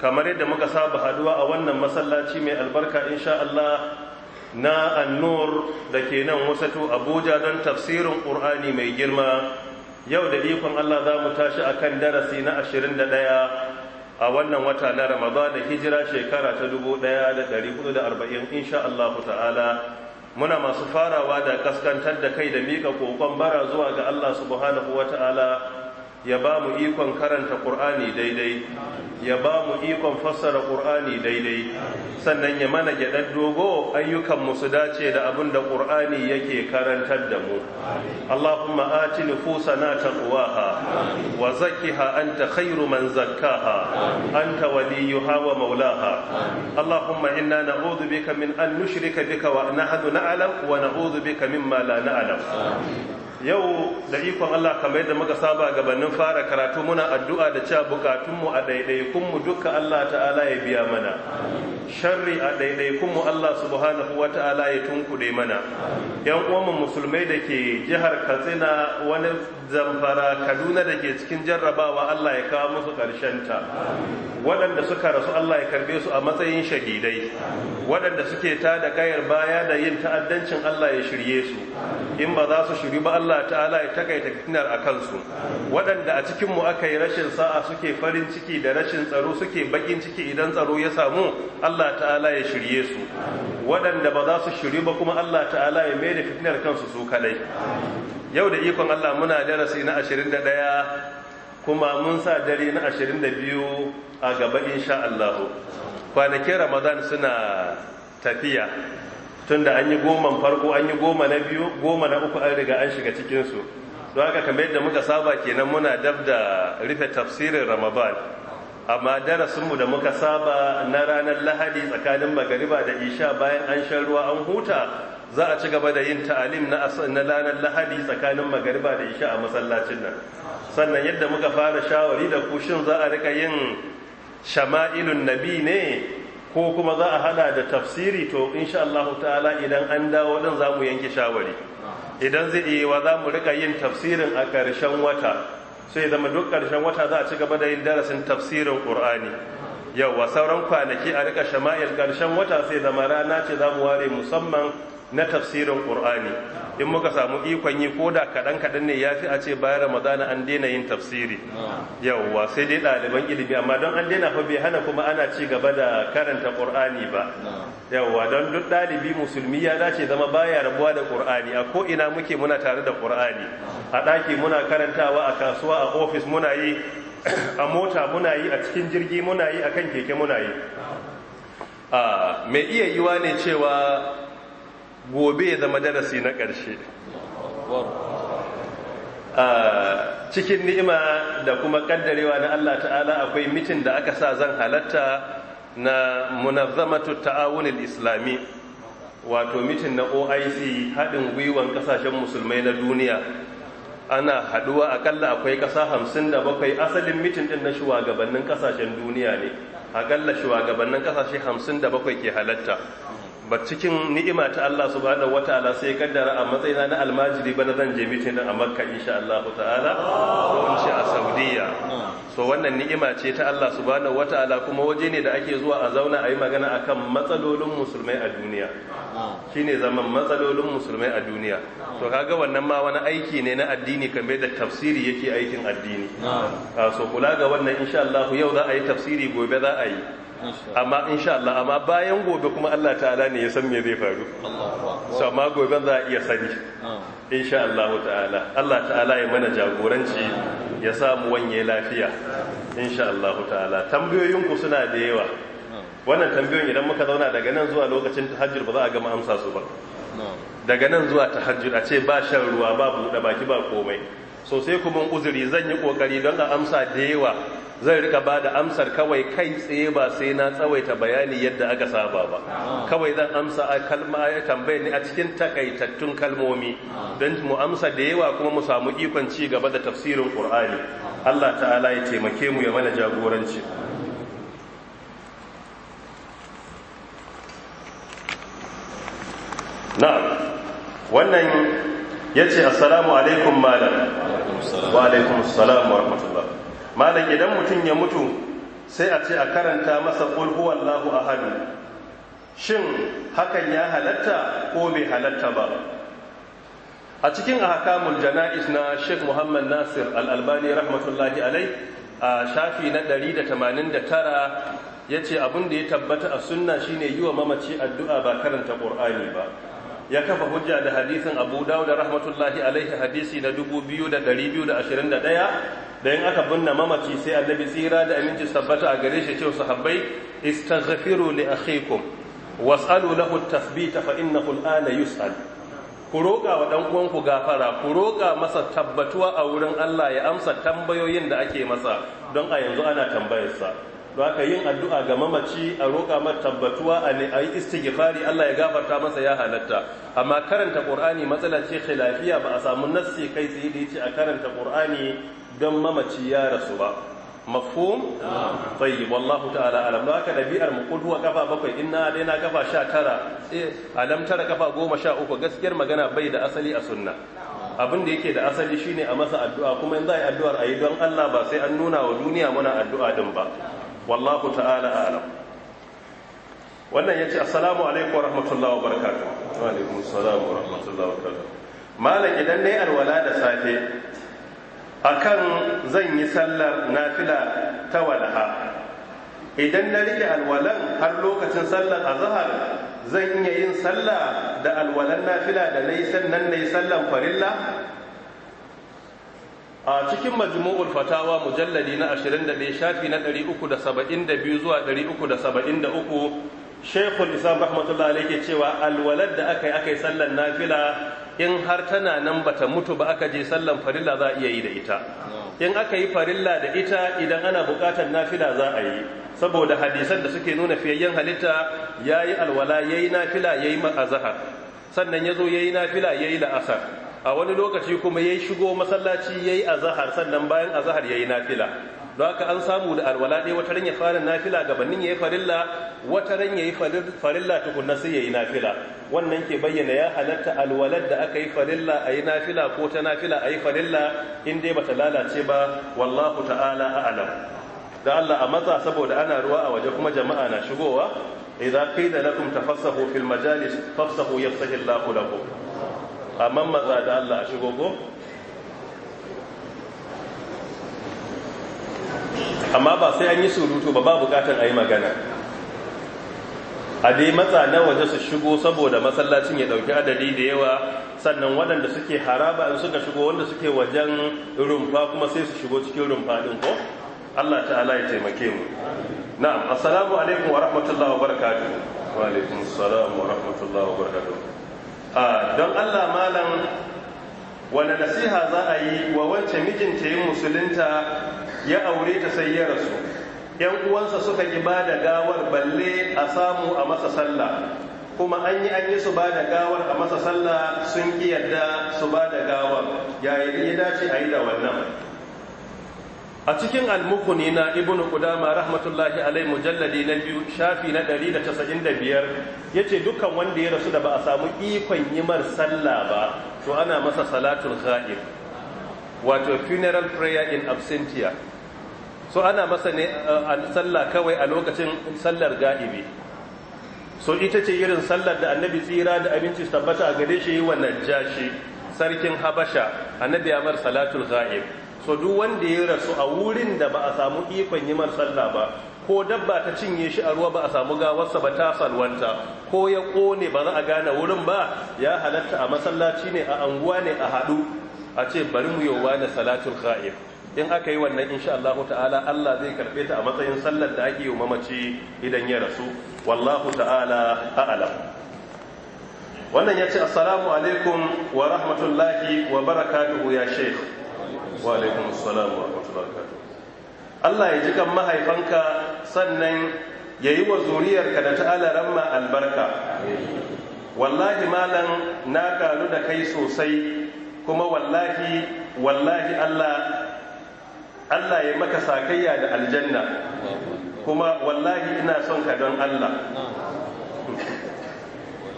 kamar yadda muka saba haduwa a wannan masallaci mai albarka insha Allah na annur da ke nan wasatu abuja don tafsirin ƙur'ani mai girma yau da ikon Allah za mu tashi a kan darasi na ashirin 21 a wannan wata na ramadan da hijira shekara ta 1440 insha Allah ta'ala muna masu farawa da kaskantar da kai da miƙa kokon bara zuwa ga Allah subhanahu wa ta'ala ya ba mu ikon karanta ƙur'ani daidai ya ba mu ikon fassara ƙur'ani daidai sannan ya mana gyaɗar dogo ayyukanmu su dace da abin da ƙur'ani yake karantar da mu allahumma ati na taqwaha wa zakkiha anta khairu man zakkaha anta waliyuha wa maulaha allahumma inna na'udhu bika min an nushrika bika wa nahnu na'lam wa na'udhu bika mimma la na'lam yau da ikon Allah kamar yadda muka saba gabanin fara karatu muna addu'a da cewa bukatunmu a ɗaiɗaikunmu duka Allah ta'ala ya biya mana sharri a ɗaiɗaikunmu Allah subhanahu wa ta'ala ya tunkuɗe mana yan uwanmu musulmai da ke jihar katsina wani zamfara kaduna da ke cikin jarrabawa Allah ya kawo musu ta. waɗanda suka rasu Allah ya karbe su a matsayin shahidai waɗanda suke tada kayar baya da yin ta'addancin Allah ya shirye su in ba za su shiri ba Allah Allah ta'ala ya takaita fitinar a kansu waɗanda a cikinmu aka yi rashin sa'a suke farin ciki da rashin tsaro suke bakin ciki idan tsaro ya samu Allah ta'ala ya shirye su waɗanda ba za su shiryu ba kuma Allah ta'ala ya mai da fitinar kansu su kadai yau da ikon Allah muna darasi na 21 kuma mun sa dare na 22 a gaba insha Allah kwanakin Ramadan suna tafiya tunda an yi goman farko an yi goma na biyu goma na uku an riga an shiga cikinsu don haka kamar yadda muka saba kenan muna dab da rufe tafsirin ramadan amma darasinmu da muka saba na ranar lahadi tsakanin magariba da isha bayan an shan ruwa an huta za a ci gaba da yin ta'alim na ranar lahadi tsakanin magariba da isha a masallacin nan sannan yadda muka fara shawari da kushin za a rika yin shama'ilun nabi ne ko kuma za a hada da tafsiri to insha Allah ta'ala idan an dawo din za mu yanke shawari idan zai iya wa za mu rika yin tafsirin a ƙarshen wata sai zama duk ƙarshen wata za a ci gaba da yin darasin tafsirin ƙur'ani wa sauran kwanaki a rika shama'il ƙarshen wata sai zama rana ce za mu ware musamman na tafsirin ƙur'ani in muka samu ikon yi ko da kaɗan kaɗan ne ya fi a ce bayan ramadana an daina yin tafsiri yawwa sai dai ɗaliban ilimi amma don an daina fa bai hana kuma ana ci gaba da karanta ƙur'ani ba yawwa don duk ɗalibi musulmi ya dace zama baya rabuwa da ƙur'ani a ko ina muke muna tare da ƙur'ani a ɗaki muna karantawa a kasuwa a ofis muna yi a mota muna yi a cikin jirgi muna yi a kan keke muna yi ah, mai iya yiwa ne cewa gobe ya zama darasi na ƙarshe cikin ni'ima da kuma ƙaddarewa na Allah ta'ala akwai mitin da aka sa zan halatta na munazzamatu ta'awunil islami wato mitin na oic haɗin gwiwan ƙasashen musulmai na duniya ana haɗuwa akalla akwai ƙasa hamsin da bakwai asalin mitin ɗin na shugabannin ƙasashen duniya ne akalla shugabannin ƙasashe hamsin da bakwai ke halatta ba cikin ni'ima ta Allah subhanahu wataala sai kaddara a matsayina na almajiri bana zan je mitin a Makka insha Allah ta'ala ko in ce a Saudiya so wannan ni'ima ce ta Allah subhanahu wataala kuma waje ne da ake zuwa a zauna a yi magana akan matsalolin musulmai a duniya shine zaman matsalolin musulmai a duniya to kaga wannan ma wani aiki ne na addini kamar da tafsiri yake aikin addini ah, so kula ga wannan insha Allah yau za a yi tafsiri gobe za a yi amma insha Allah amma bayan gobe kuma Allah ta'ala ne ya san me zai faru so amma gobe za a iya sani insha Allah ta'ala Allah ta'ala ya mana jagoranci ya sa samu wanye lafiya insha Allah ta'ala tambayoyin ku suna da yawa wannan tambayoyin idan muka zauna daga nan zuwa lokacin tahajjud ba za a gama amsa su ba daga nan zuwa tahajjud a ce ba shan ruwa ba buɗe baki ba komai so sai kuma uzuri zan yi kokari don a amsa da yawa zan rika ba da amsar kawai kai tsaye ba sai na tsawaita bayani yadda aka saba ba kawai zan amsa a kalma ya tambaye ni a cikin takaitattun kalmomi don mu amsa da yawa kuma mu samu ikon ci gaba da tafsirin qur'ani Allah ta'ala ya taimake mu ya mana jagoranci na wannan ya ce assalamu alaikum malam wa alaikum assalamu wa rahmatullah malam idan mutum ya mutu sai a ce a karanta masa ƙulhu a ahadu shin hakan ya halatta ko bai halatta ba a cikin ahkamul jana'is na Sheikh Muhammad Nasir Al-Albani rahmatullahi alai a shafi na 189 yace abin da ya tabbata a sunna shine yi wa mamaci addu'a ba karanta ƙur'ani ba ya kafa hujja da hadisin abu dawud rahmatullahi alaihi hadisi na 2221 da yin aka binne mamaci sai annabi tsira da aminci sabbata a gare shi cewa sahabbai istaghfiru li akhikum was'alu lahu at-tathbit fa innahu al-ana yus'al ku roka wa dan uwanku gafara ku roka masa tabbatuwa a wurin Allah ya amsa tambayoyin da ake masa don a yanzu ana tambayarsa don aka yin addu'a ga mamaci a roƙa mar tabbatuwa a yi istighfari Allah ya gafarta masa ya halatta amma karanta ƙur'ani matsalar ce khilafiya ba a samu nassi kai tsaye da yace a karanta ƙur'ani don mamaci ya rasu ba mafhum tayyib wallahu ta'ala alam don aka dabi'ar mu kuduwa kafa bakwai inna dai na kafa 19 eh, alam tara kafa uku, gaskiyar magana bai da asali a sunna abin da yake da asali shine a masa addu'a kuma in za a yi addu'ar a yi don Allah ba sai an nuna wa duniya muna addu'a din ba wallahu ta'ala alam wannan ya ce assalamu alaikum wa rahmatullahi wa wa alaikum wa rahmatullahi wa malam idan na alwala da safe akan zan yi sallar nafila ta walaha idan na rike alwalan har lokacin sallar azhar zan iya yin sallah da alwalan nafila da na yi sannan nayi yi sallan farilla a cikin majmu'ul fatawa mujalladi na 21 shafi na 372 zuwa 373 shaykhul islam rahmatullahi alayhi cewa alwalad da aka akai aka sallan nafila in har tana nan bata mutu ba aka je sallan farilla za a iya yi da ita in aka yi farilla da ita idan ana bukatar nafila za a yi saboda hadisan da suke nuna fiyayyen halitta yayi alwala yayi nafila yayi ma'azhar sannan yazo yayi nafila yayi la'asar a wani lokaci kuma ya shigo masallaci ya yi azahar sannan bayan azahar ya yi nafila don haka an samu da alwala ɗaya wata ran ya fara nafila gabanin ya yi farilla wata ran ya yi farilla tukunna sai ya yi nafila wannan ke bayyana ya halatta alwalar da aka yi farilla a yi nafila ko ta nafila a yi farilla in dai bata lalace ba wallahu ta'ala a'lam da Allah a matsa saboda ana ruwa a waje kuma jama'a na shigowa idza qila lakum tafassahu fil majalis fafsahu yafsahu Allahu lakum amma maza da Allah a shigogo? amma ba sai an yi surutu ba ba bukatar a yi magana a dai matsa na waje su shigo saboda masallacin ya dauki adadi da yawa sannan waɗanda suke haraba in suka shigo wanda suke wajen rumfa kuma sai su shigo cikin rumfa din ko Allah ta'ala ya taimake mu na'am assalamu alaikum wa rahmatullahi wa barakatuh wa alaikum assalam wa rahmatullahi wa barakatuh Ah, don allah malam wani nasiha za a yi wa wacce mijinta yin musulunta ya aure ta sai ya rasu yan uwansa suka ki ba da gawar balle a samu a masa sallah kuma an yi an yi su ba da gawar a masa sallah sun ƙi yadda su ba da gawar yayin ya dace a yi da wannan a cikin almukuni na ibnu qudama rahmatullahi alai mujalladi na biyu shafi na 195 yace dukkan wanda ya rasu da ba a samu ikon yi yimar sallah ba to ana masa salatul ghaib wato funeral prayer in absentia so ana masa ne eh, sallah kawai a lokacin sallar ga'ibi so ita ce irin sallar da annabi tsira da abinci tabbata a gare shi wa najjashi sarkin habasha annabi ya mar salatul ghaib so duk wanda ya rasu a wurin da ba a samu ikon yi sallah ba ko dabba ta cinye shi a ruwa ba a samu gawarsa ba ta salwanta ko ya kone ba za a gane wurin ba ya halatta a masallaci ne a anguwa ne a haɗu a ce bari mu yowa da salatul kha'if in aka yi wannan insha Allah ta'ala Allah zai karbe ta a matsayin sallar da ake yi mamaci idan ya rasu wallahu ta'ala a'lam wannan yace assalamu alaikum wa rahmatullahi wa barakatuhu ya sheikh wa alaikun assalam wa rahmatullahi Allah ya ji kan mahaifanka sannan ya yi wa zuriyarka da ta'alaran ma albarka wallahi malam na kalu da kai sosai kuma wallahi wallahi Allah Allah ya maka sakayya da aljanna kuma wallahi ina son ka don Allah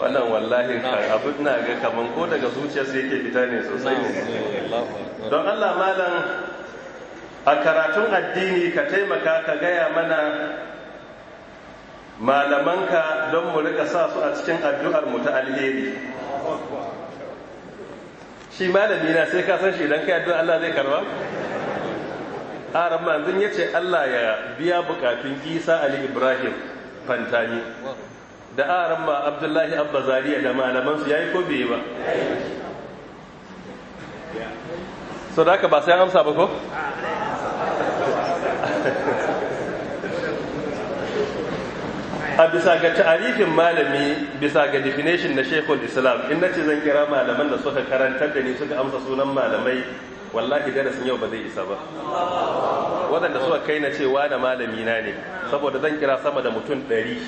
wannan wallahi abin na ga kaman ko daga zuciya sai yake fita ne sosai ne eh, don Allah malam a karatun addini ka taimaka ka gaya mana malamanka don mu rika sa su a cikin addu'ar mu ta alheri shi malami na sai ka san shi idan kai addu'a Allah zai karba a zan ya ce Allah ya biya bukatun isa ali ibrahim fantani da aran ba abdullahi abba zariya da malamansu ya yi ko bai ba so da ba sai amsa ba ko? a bisa ga ta'arifin malami bisa ga definition na shekul islam in na ce zan kira malaman da suka karantar da ni suka amsa sunan malamai wallahi darasin yau ba zai isa ba waɗanda suka kai na cewa da na ne saboda zan kira sama da mutum ɗari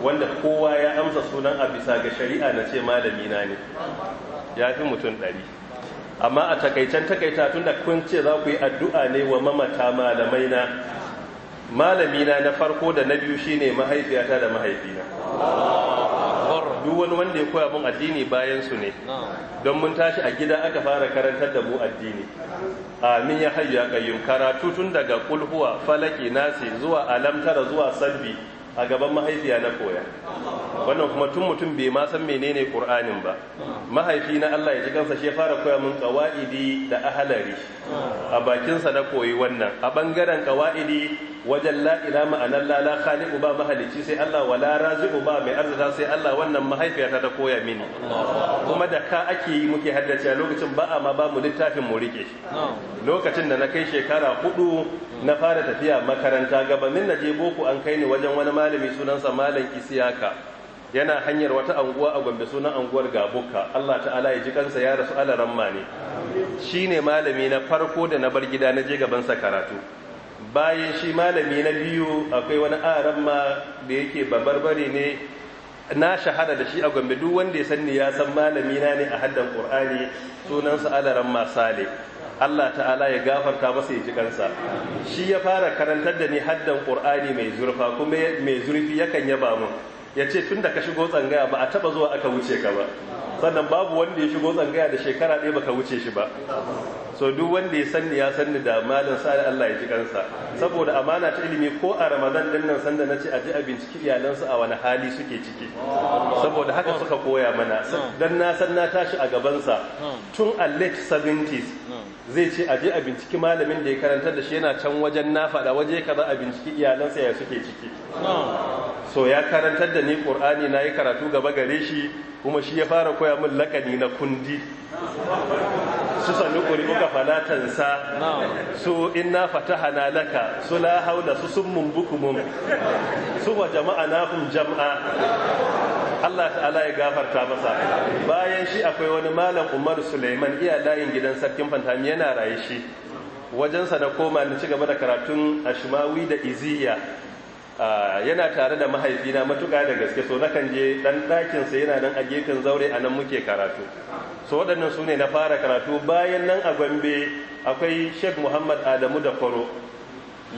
wanda kowa ya amsa sunan a bisa ga shari'a na ce malamina ne ya fi mutum ɗari amma a takaicen takaita tun da kun ce za ku yi addu'a ne wa mamata malamai na malamina na farko da na biyu shine mahaifiyata da mahaifina duk wani wanda ya koya mun addini bayan su ne don mun tashi a gida aka fara karantar da mu addini amin ya hayya ya kayyum karatu tun daga kulhuwa falaki nasi zuwa alamtara zuwa sabbi a gaban mahaifiya na koya wannan kuma tun mutum bai ma san menene qur'anin ba mahaifi na Allah ya ji kansa shi fara koya mun qawaidi da ahalari a bakin sa na koyi wannan a bangaren qawaidi wajen la’ina ma'anar lala, la ba mahalici sai Allah wa Larazi'u ba mai arzika sai Allah wannan mahaifiyata ta koya mini kuma da ka ake yi muke haddace a lokacin ba a ma ba mu littafin mu rike lokacin da na kai shekara hudu na fara tafiya makaranta gabanin na je boko an kai ni wajen wani malami sunansa malam isiyaka yana hanyar wata anguwa a gombe sunan anguwar gabuka allah ta'ala ya ji kansa ya rasu alaramma ne shi ne malami na farko da na bar gida na je gabansa karatu bayan shi malami na biyu akwai wani aran ma da yake babarbare ne na shahara da shi a gombe duk wanda ya sanni ya san malami na ne a haddan qur'ani sunansa alaran masale Allah ta'ala ya gafarta masa ya ji kansa shi ya fara karantar da ni haddan qur'ani mai zurfa kuma mai zurfi yakan yaba mu ya ce tun da ka shigo tsangaya ba a taba zuwa aka wuce ka ba sannan babu wanda ya shigo tsangaya da shekara ɗaya baka wuce shi ba so duk wanda ya sanni ya sanni da malam sa'ar Allah ya ji kansa saboda amana ta ilimi ko a Ramadan din nan sanda ce a ji a binciki iyalansu a wani hali suke ciki saboda haka suka koya mana dan na san na tashi a gaban sa tun a late 70s zai ce a je a binciki malamin da ya karanta da shi yana can wajen na faɗa waje kaza a binciki iyalansa ya suke ciki so ya karantar da ni qur'ani na yi karatu gaba gare shi kuma shi ya fara koya min lakani na kundi su sannu ƙuri'uka fanatansa su inna fataha na laka su la da su sun mumbukumum su wa jama'a na kun jam'a Allah ta'ala ya gafarta masa bayan shi akwai wani malam Umar Suleiman iya layin gidan sarkin fantami yana raye shi wajensa na koma na ci gaba da karatun ashimawi da iziya yana tare da mahaifina matuƙa da gaske so nakan je ɗan ɗakinsa yana nan a gefen zaure a nan muke karatu so waɗannan sune na fara karatu bayan nan a gombe akwai sheikh muhammad adamu da koro.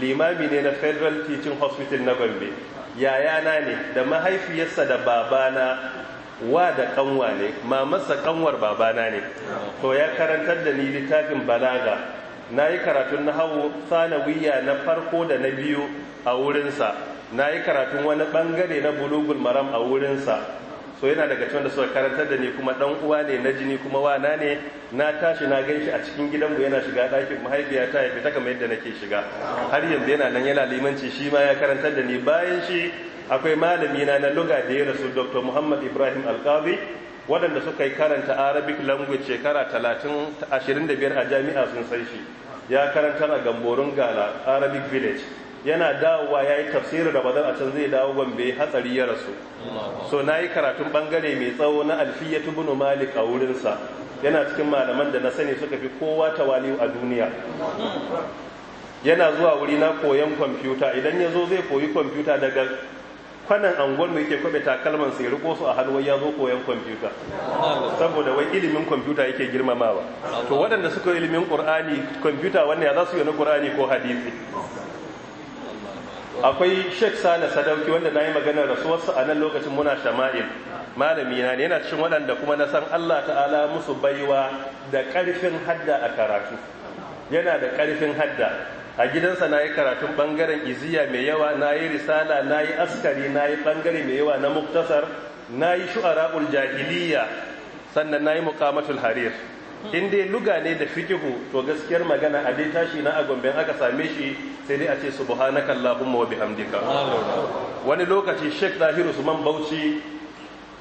limami ne na federal teaching hospital na gombe yayana ne da mahaifiyarsa da babana wa da kanwa ne mamarsa kanwar babana ne to ya karantar da ni littafin balaga na yi karatun na hau sanawiya na farko da na biyu a wurinsa na yi karatun wani bangare na bulugul maram a wurinsa so yana daga cikin da suka karantar da ni kuma dan uwa ne na jini kuma wana ne na tashi na ganshi a cikin gidanmu yana shiga ɗakin mahaifiyata ya fita kamar yadda nake shiga har yanzu yana nan yana limanci shi ma ya karantar da ni bayan shi akwai malami na na luga da ya rasu dr muhammad ibrahim Alkabi, waɗanda suka yi karanta arabic language shekara talatin ashirin da biyar a jami'a sun san shi ya karanta a gamborin gala arabic village yana dawowa ya yi tafsirin bazan a can zai dawo gombe hatsari ya rasu so na yi karatun bangare mai tsawo na alfiya tubunu malik a wurinsa yana cikin malaman da na sani suka fi kowa ta tawali'u a duniya yana zuwa wuri na koyon kwamfuta idan ya zo zai koyi kwamfuta daga kwanan angon mai ke kwabe takalman sai riko su a hannu ya zo koyon kwamfuta saboda wai ilimin kwamfuta yake girmamawa to waɗanda suka ilimin ƙur'ani kwamfuta wannan ya za su yi na ƙur'ani ko hadisi akwai sheikh sale sadauki wanda na yi maganar rasuwarsa a nan lokacin muna shama'il malami na ne yana cikin waɗanda kuma na san allah ta'ala musu baiwa da ƙarfin hadda a karatu yana da ƙarfin hadda a gidansa na yi karatun ɓangaren iziya mai yawa na yi risala na yi askari na yi ɓangare mai yawa na muktasar na yi shu'ara'ul jahiliya sannan na yi muƙamatul harir in dai luga ne da fikihu to gaskiyar magana a dai tashi na a aka same shi sai dai a ce subhanaka allahumma wa bihamdika wani lokaci sheikh zahiru usman bauchi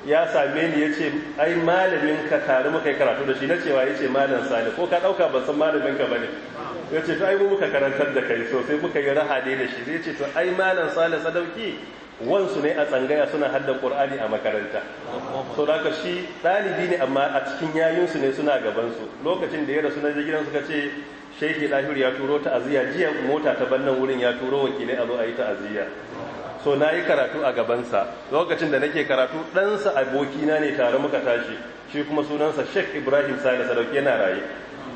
ya same ni yace ai malamin ka tare muka yi karatu da shi na cewa yace malam salih ko ka dauka ban san malamin ka bane yace to ai mu muka karantar da kai so sai muka yi rahade da shi sai yace to ai malam salih sadauki wansu ne a tsangaya suna hadda ƙur'ani a makaranta so da shi ɗalibi ne amma a cikin yayinsu ne suna gabansu lokacin da ya rasu na gidan suka ce shehi lahiru ya turo ta'aziyya jiya mota ta bannan wurin ya turo wakilai a zo a yi ta'aziyya so na yi karatu a gabansa lokacin da nake karatu ɗansa abokina ne tare muka tashi shi kuma sunansa shek ibrahim sani sadauki yana raye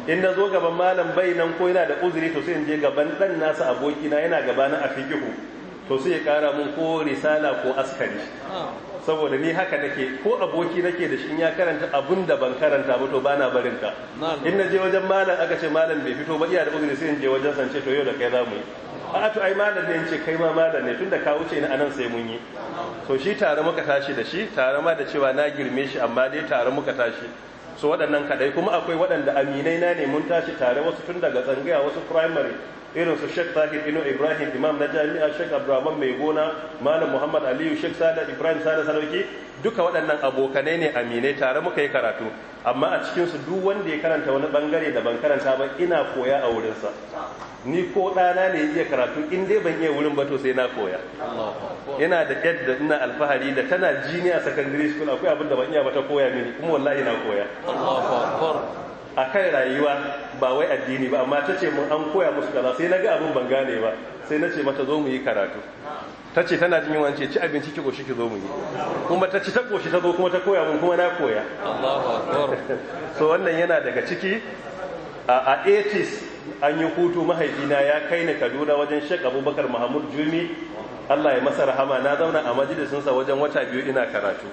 in na zo gaban malam bai nan ko yana da uzuri to sai in je gaban ɗan nasa abokina yana gabana a fikihu to sai ya kara mun ko risala ko askari ah. saboda ni haka nake ko aboki nake da shi in ya karanta abun da ban karanta ba to bana barin ka in na je wajen malam aka ce malam bai fito ba iya da uzuri sai in je wajen sance to yau da kai zamu yi a to ai malam ne in ce kai ma malam ne tunda ka wuce ni anan sai mun yi so shi tare muka tashi da shi tare ma da cewa na girme shi amma dai tare muka tashi so waɗannan kadai kuma akwai waɗanda aminai na ne mun tashi tare wasu tun daga tsangaya wasu primary irin su Sheikh Tahir Ino Ibrahim Imam na Jami'a Sheikh Abdurrahman Mai Gona Malam Muhammad Aliyu Sheikh Sada Ibrahim Sada Sarauki duka waɗannan abokanai ne aminai tare muka yi karatu amma a cikin su duk wanda ya karanta wani bangare da ban karanta ba ina koya a wurinsa. ni ko ɗana ne ya iya karatu in dai ban iya wurin ba to sai na koya ina da da ina alfahari da tana jini a secondary school akwai abin da ban iya ba ta koya mini kuma wallahi na koya a kan rayuwa ba wai addini ba amma ta ce mun an koya musu kaza sai na ga abin ban gane ba sai na ce mata zo mu yi karatu ta ce tana jin yawan ce ci abinci ki goshi ki zo mu yi kuma ta ci ta goshi ta zo kuma ta koya mun kuma na koya so wannan yana daga ciki a 80s an yi hutu mahaifina ya kai ni kaduna wajen shek abubakar mahmud jumi allah ya masa rahama na zauna a majalisinsa wajen wata biyu ina karatu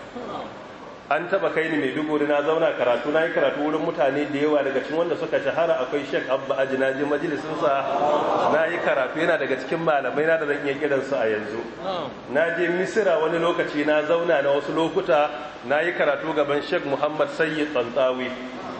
an taba kai ni mai maiduguri na zauna karatu na yi karatu wurin mutane da yawa daga cikin wanda suka shahara akwai shek abba aji na je majalisinsa na yi karatu yana daga cikin malamai na da zan iya kiransu a yanzu oh. na je misira wani lokaci na zauna na wasu lokuta na yi karatu gaban shek muhammad sayyid tsantsawi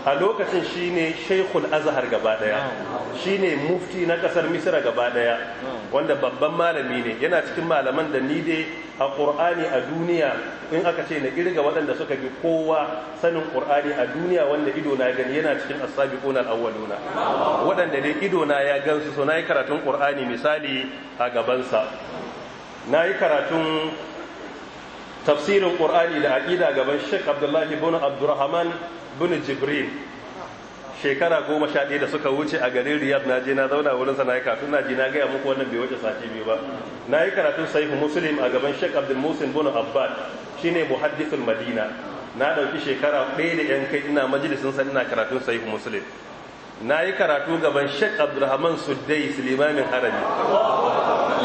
a lokacin shine shaikul azhar gaba daya oh. shine mufti na kasar misira gaba daya oh. wanda babban malami ne yana cikin malaman da ni dai a qur'ani a duniya in aka ce na kirga waɗanda suka fi kowa sanin qur'ani a duniya wanda ido na gani yana cikin asabi sabiquna al-awwaluna waɗanda dai ido ya gansu so nayi karatun qur'ani misali a gabansa. Na yi karatun tafsirin qur'ani da aƙida gaban shek Abdullahi bin Abdurrahman bin Jibril shekara goma sha ɗaya da suka wuce a garin Riyad na je na zauna wurinsa na yi kafin na je na gaya muku wannan bai wuce sati biyu ba na yi karatun sahihu muslim a gaban sheik abdul musin bin abbad shine muhaddithul madina na ɗauki shekara ɗaya da yan kai ina majalisin san ina karatun sahihu muslim na yi karatu gaban shek abdulrahman suddai limamin harami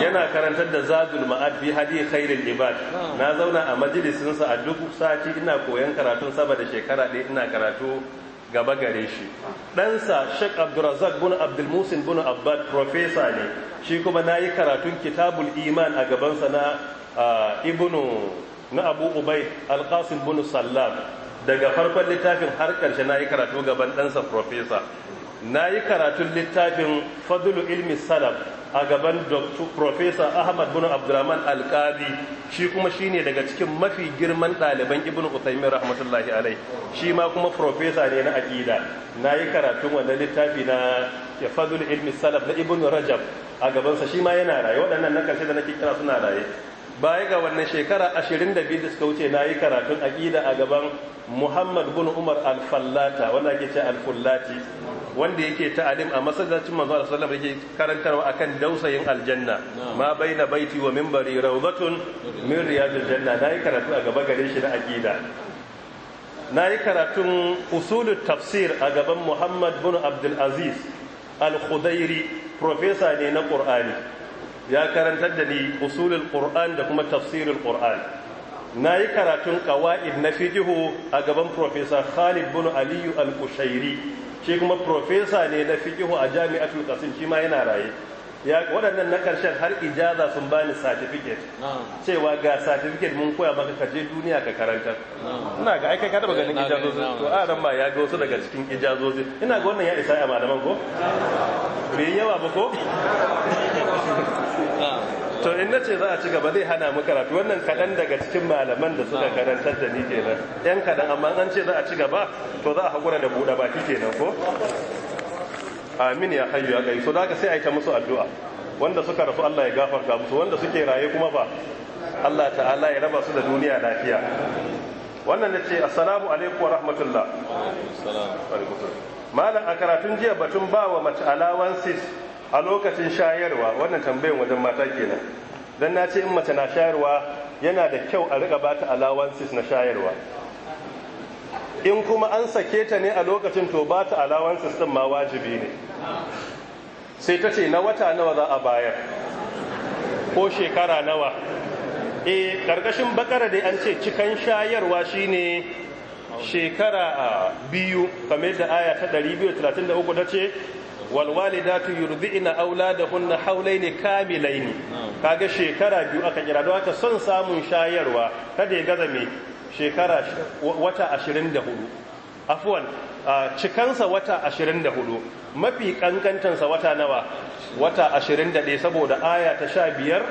yana karantar da zadul ma'ad fi hadi khairul ibad na zauna a sa a duk sati ina koyan karatun saboda da shekara ɗaya ina karatu gaba gare shi ɗansa shek abdulrazak bin abdulmusin bin abbad profesa ne shi kuma na yi karatun kitabul iman a gabansa na ah, ibnu na abu ubai alƙasin bin sallam daga farkon littafin har ƙarshe na yi karatu gaban ɗansa profesa na yi karatun littafin fadulu ilmi salaf a gaban profesa ahmad bin abdulrahman alkadi shi kuma shi ne daga cikin mafi girman ɗaliban ibn usaimin rahmatullahi alai shi ma kuma profesa ne na aƙida na yi karatun wannan littafi na ya fadulu ilmi salaf na ibn rajab a gabansa shi ma yana raye waɗannan na karshe da nake kira suna raye baya ga wannan shekara ashirin da suka wuce na yi karatun aƙida a gaban muhammad bin umar al-fallata wanda ake ce alfullati wanda yake ta'alim a masallacin manzo Allah sallallahu alaihi wasallam karantarwa akan dausayin aljanna ma baina baiti wa minbari rawdatun min riyadil janna na yi karatu a gaba gare shi na aƙida na yi karatun usulut tafsir a gaban muhammad bin abdul aziz al-khudairi professor ne na qur'ani ya karantar da ni usulul qur'an da kuma tafsirul qur'an na yi karatun qawaid na fiqhu a gaban professor Khalid bin Aliyu al-Kushairi shi kuma professor ne na fiqhu a Jami'atul Qasim shi ma yana raye ya waɗannan na ƙarshen har ijaza sun bani certificate cewa ga certificate mun koya maka ka je duniya ka karanta ina ga aikai ka taɓa ganin ijazozi to a ran ma ya ga wasu daga cikin ijazozi ina ga wannan ya isa a malaman ko bai yawa ba ko to in na ce za a ci gaba zai hana mu karatu wannan kaɗan daga cikin malaman da suka karantar da ni kenan yan kaɗan amma an ce za a ci gaba to za a haƙura da buɗe baki kenan ko amin ya hayyu ya kai so da sai a musu addu'a wanda suka rasu Allah ya gafarta musu wanda suke raye kuma ba Allah ta'ala ya raba su da duniya lafiya wannan da ce assalamu alaikum wa rahmatullah malam a karatun jiya batun ba wa mace allowances a lokacin shayarwa wannan tambayin wajen mata kenan dan na ce in mace na shayarwa yana da kyau a riƙa bata allowances na shayarwa in kuma an sake ta ne a lokacin to ba ta allowances din ma wajibi ne sai ta ce na wata nawa za a bayar ko shekara nawa e ƙarƙashin bakara dai an ce cikan shayarwa shine shekara a biyu kamar da aya ta 233 ta ce walwalidatu haulai ne haulaini ne. kaga shekara biyu aka kira don aka son samun shayarwa kada ya gaza me shekara wata 24 afwan cikansa wata 24 mafi kankantansa wata nawa wata 21 saboda aya ta 15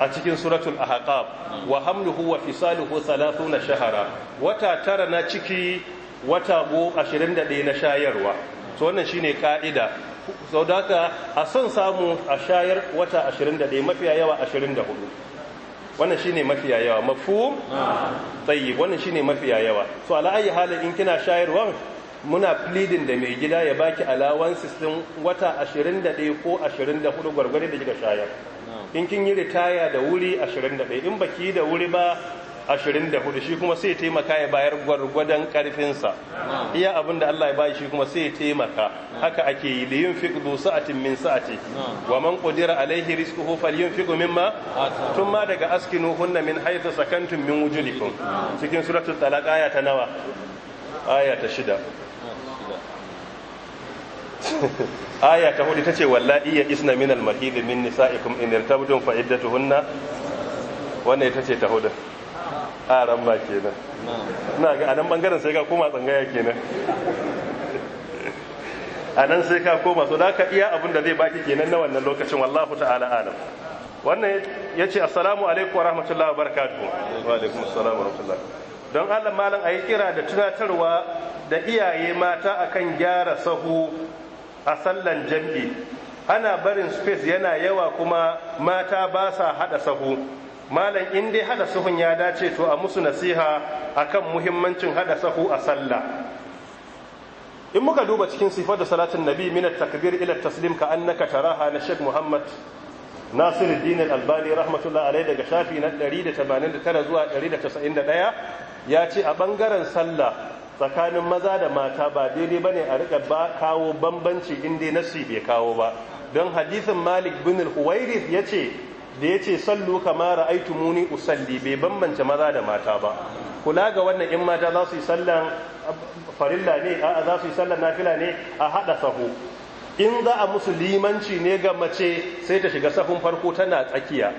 a cikin suratul ahqab wa hamluhu wa fisaluhu 30 shahara wata tara na ciki wata go 21 na shayarwa to wannan shine ka'ida sau da a son samu a shayar wata 21 mafiya yawa 24 wannan shine mafiya yawa mafhum Tsayi wannan shine mafiya yawa so ala ayi halin in kina shayarwa muna pleading da mai gida ya baki allowances din wata 21 ko 24 gwargware da kika shayar in kin yi ritaya da wuri 21 in baki da wuri ba ashirin da hudu shi kuma sai taimaka ya bayar gwargwadon karfinsa iya abin da Allah ya bayi shi kuma sai taimaka haka ake yi da yin fiƙ sa'atin min sa'ati wa man qadira alaihi rizquhu falyunfiq mimma ma daga askinu hunna min haythu sakantum min wujudikum cikin suratul talaq aya ta nawa aya ta shida aya ta hudu tace wallahi ya isna min al-mahid min nisa'ikum in irtabtum fa iddatuhunna wannan ita ce ta hudu a ramma kenan na ga anan bangaren sai ka koma tsangaya kenan anan sai ka koma so da ka iya abin da zai baki kenan na wannan lokacin wallahu ta'ala alam wannan ya ce assalamu alaikum wa rahmatullahi wa barakatuhu wa alaikum assalam wa rahmatullahi don Allah malam yi kira da tunatarwa da iyaye mata akan gyara sahu a sallan jam'i ana barin space yana yawa kuma mata ba sa hada sahu malam in dai hada sahun ya dace to a musu nasiha akan muhimmancin hada sahu a sallah in muka duba cikin sifar da salatin nabi min takbir ila taslim ka annaka taraha na sheikh muhammad nasiruddin albani rahmatullah alai daga shafi na 189 zuwa 191 ya ce a bangaren sallah tsakanin maza da mata ba daidai ne a rika kawo bambanci indai nasi bai kawo ba don hadisin malik bin al ya ce. da ya ce sallu kama ra'aitu muni usalli bai bambance maza da mata ba kula ga wannan in mata za su yi sallan farilla ne a za su yi sallan nafila ne a hada sahu in za a musu limanci ne ga mace sai ta shiga sahun farko tana tsakiya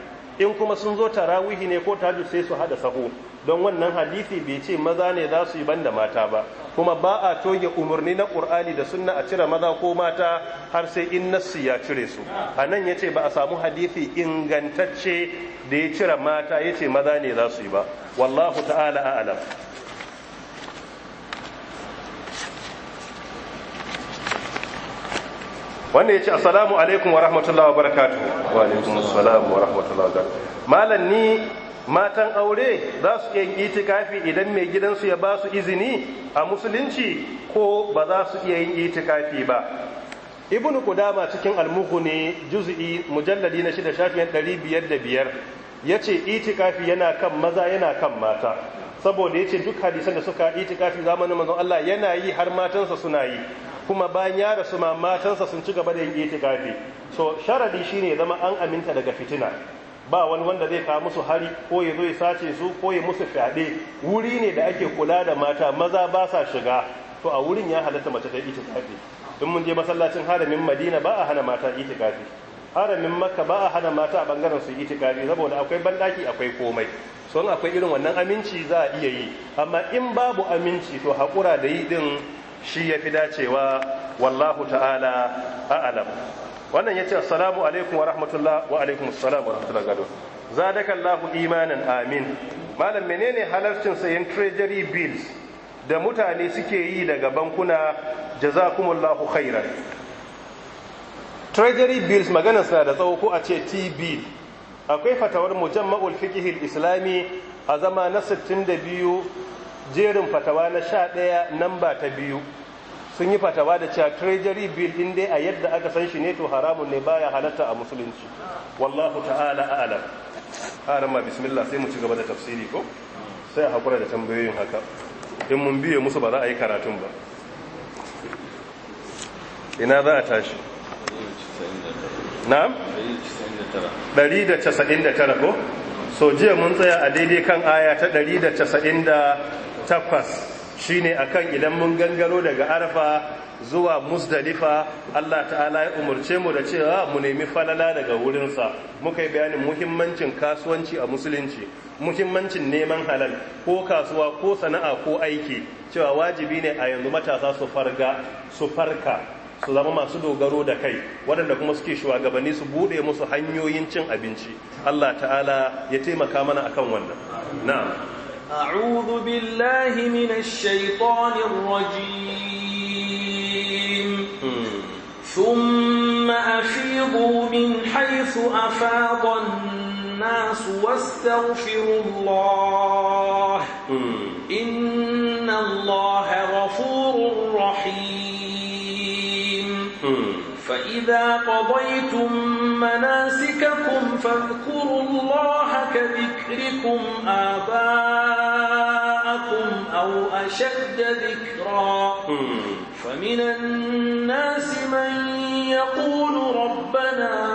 in kuma sun zo tarawihi ne ko taju sai su hada sahu don wannan hadisi bai ce maza ne za su yi banda mata ba kuma ba a toge umarni na ƙur'ani da sunna a cire maza ko mata har sai in nassi ya cire su a nan ya ce ba a samu hadisi ingantacce da ya cire mata ya ce maza ne za su yi ba wallahu ta'ala a'lam wanda ya ce assalamu alaikum wa rahmatullahi wa barakatuhu wa alaikum assalamu wa rahmatullahi wa barakatuhu malam ni matan aure za su iya yin itikafi idan mai gidansu ya ba su izini a musulunci ko ba za su iya yin itikafi ba ibnu kudama cikin ne juz'i mujalladi na shida shafin ɗari biyar da itikafi yana kan maza yana kan mata saboda ya ce duk hadisan da suka itikafi zamanin manzon Allah yana yi har matansa suna yi kuma bayan ya rasu ma matansa sun ci gaba da yin itikafi so sharadi shine zama an aminta daga fitina ba wani wanda zai kawo musu hari ko ya zo ya sace su ko ya musu fyaɗe wuri ne da ake kula da mata maza ba sa shiga to a wurin ya halatta mace ta itikafi in mun je masallacin haramin madina ba a hana mata itikafi haramin makka ba a hana mata a bangaren su itikafi saboda akwai bandaki akwai komai son akwai irin wannan aminci za a iya yi amma in babu aminci to haƙura da yi din shi ya fi dacewa wallahu ta'ala a alam wannan ya ce assalamu alaikum wa rahmatullah wa alaikum assalamu wa rahmatullah gado zadaka Allahu imanin, amin malam menene halarcin sayan treasury bills da mutane suke yi daga bankuna jazakumullahu khairan treasury bills maganar sa da tsawo ko a ce t akwai fatawar mujamma'ul fiqh islami a zama na 62 jerin fatawa na sha ɗaya nan ba ta biyu sun yi fatawa da cewa treasury bill in dai a yadda aka san shi ne to haramun ne baya halatta a musulunci wallahu ta'ala a'lam ah, ma bismillah sai mu ci gaba da tafsiri ko sai a hakura da tambayoyin haka in mun biye musu ba za a yi karatun ba ina za a tashi na'am 199 ko so jiya mun tsaya a daidai kan aya ta 199 takwas shine kan idan mun gangaro daga arfa zuwa musdalifa Allah ta'ala ya umarce mu da cewa mu nemi falala daga wurinsa muka yi bayanin muhimmancin kasuwanci a musulunci muhimmancin neman halal ko kasuwa ko sana'a ko aiki cewa wajibi ne a yanzu matasa su farga su farka su zama masu dogaro da kai waɗanda kuma suke shugabanni su buɗe musu hanyoyin cin abinci Allah ta'ala ya taimaka mana akan wannan na'am أعوذ بالله من الشيطان الرجيم ثم أفيضوا من حيث أفاض الناس واستغفروا الله إن الله غفور رحيم فإذا قضيتم مناسككم فاذكروا الله كذكركم آباءكم أو أشد ذكرا فمن الناس من يقول ربنا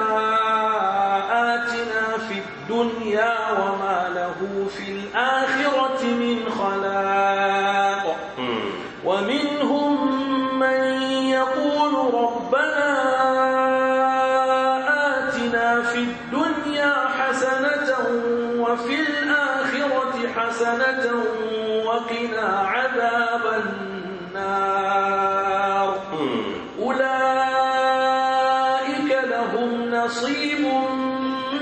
آتنا في الدنيا وما له في الآخرة وفي الآخرة حسنة وقنا عذاب النار hmm. أولئك لهم نصيب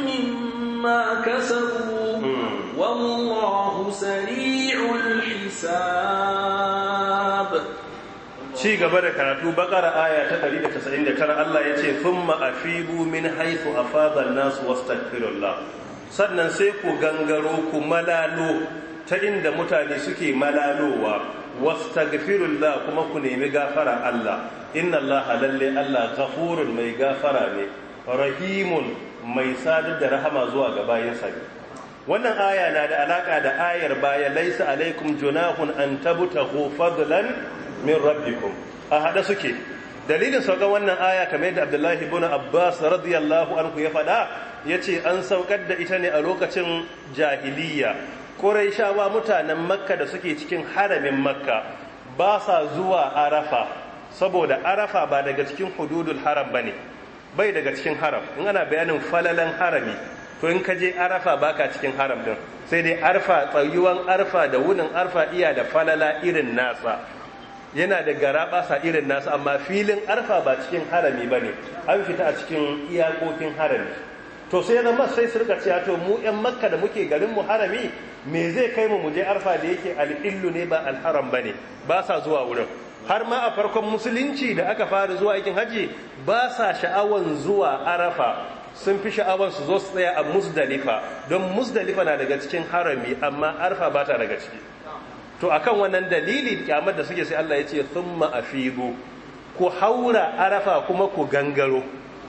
مما كسبوا hmm. والله سريع الحساب ci gaba da karatu bakara aya ta 199 Allah ya ce thumma afibu min haythu afadha an-nas wastaghfirullah sannan sai ku gangaro ku malalo ta inda mutane suke malalowa wasu wastaghfirullah kuma ku nemi gafara Allah inna Allah lalle Allah ghafurun mai gafara ne rahimun mai sadar da rahama zuwa ga bayansa wannan aya na da alaka da ayar baya laisa alaikum junahun an tabtahu fadlan min rabbikum a hada suke dalilin sauka wannan aya kamar yadda Abdullahi ibn Abbas radiyallahu anhu ya faɗa ya ce an saukar da ita ne a lokacin jahiliya shawa mutanen makka da suke cikin haramin makka ba sa zuwa arafa saboda arafa ba daga cikin hududul haram ba ne bai daga cikin haram in ana bayanin falalan harami to in ka je arafa baka cikin haram din sai dai arfa tsayuwan arfa da wunin arfa iya da falala irin nasa yana da garaba sa irin nasa amma filin arfa ba cikin harami ba ne. an fita a cikin iyakokin harami to sai zama sai su rika cewa to mu yan makka da muke garin mu harami me zai kai mu muje arfa da yake al'illu ne ba alharam bane ba sa zuwa wurin har ma a farkon musulunci da aka fara zuwa aikin haji ba sa sha'awan zuwa arafa sun fi sha'awan su zo su tsaya a musdalifa don musdalifa na daga cikin harami amma arfa ba ta daga ciki to akan wannan dalili kyamar da suke sai Allah ya ce thumma afidu ku haura arafa kuma ku gangaro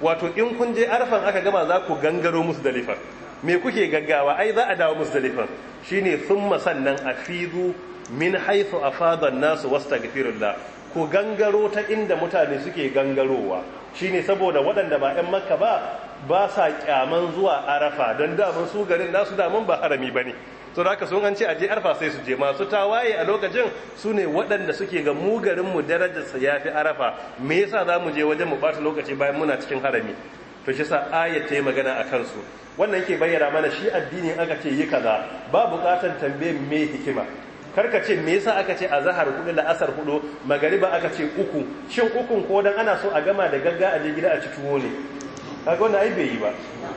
wato in kun je arfan aka gama za ku gangaro musdalifa me kuke gaggawa ai za a dawo dalifa shine thumma sannan afidu min haythu afada nasu nas wastaghfirullah ku gangaro ta inda mutane suke gangarowa shine saboda waɗanda ba 'yan makka ba ba sa kyaman zuwa arafa don damun su garin nasu damun ba harami bane so da sun an ce a je arfa sai su je masu tawaye a lokacin su ne waɗanda suke ga mugarinmu garin mu darajarsa ya fi arafa me yasa za mu je wajen mu ɓata lokaci bayan muna cikin harami to shi sa ayat ta yi magana a kansu wannan ke bayyana mana shi addinin aka ce yi kaza ba buƙatar tambaye me hikima karka ce me yasa aka ce azhar hudu la'asar asar hudu magariba aka ce uku shin uku ko dan ana so a gama da gagga a je gida a ci tuwo ne kaga wannan ai bai yi ba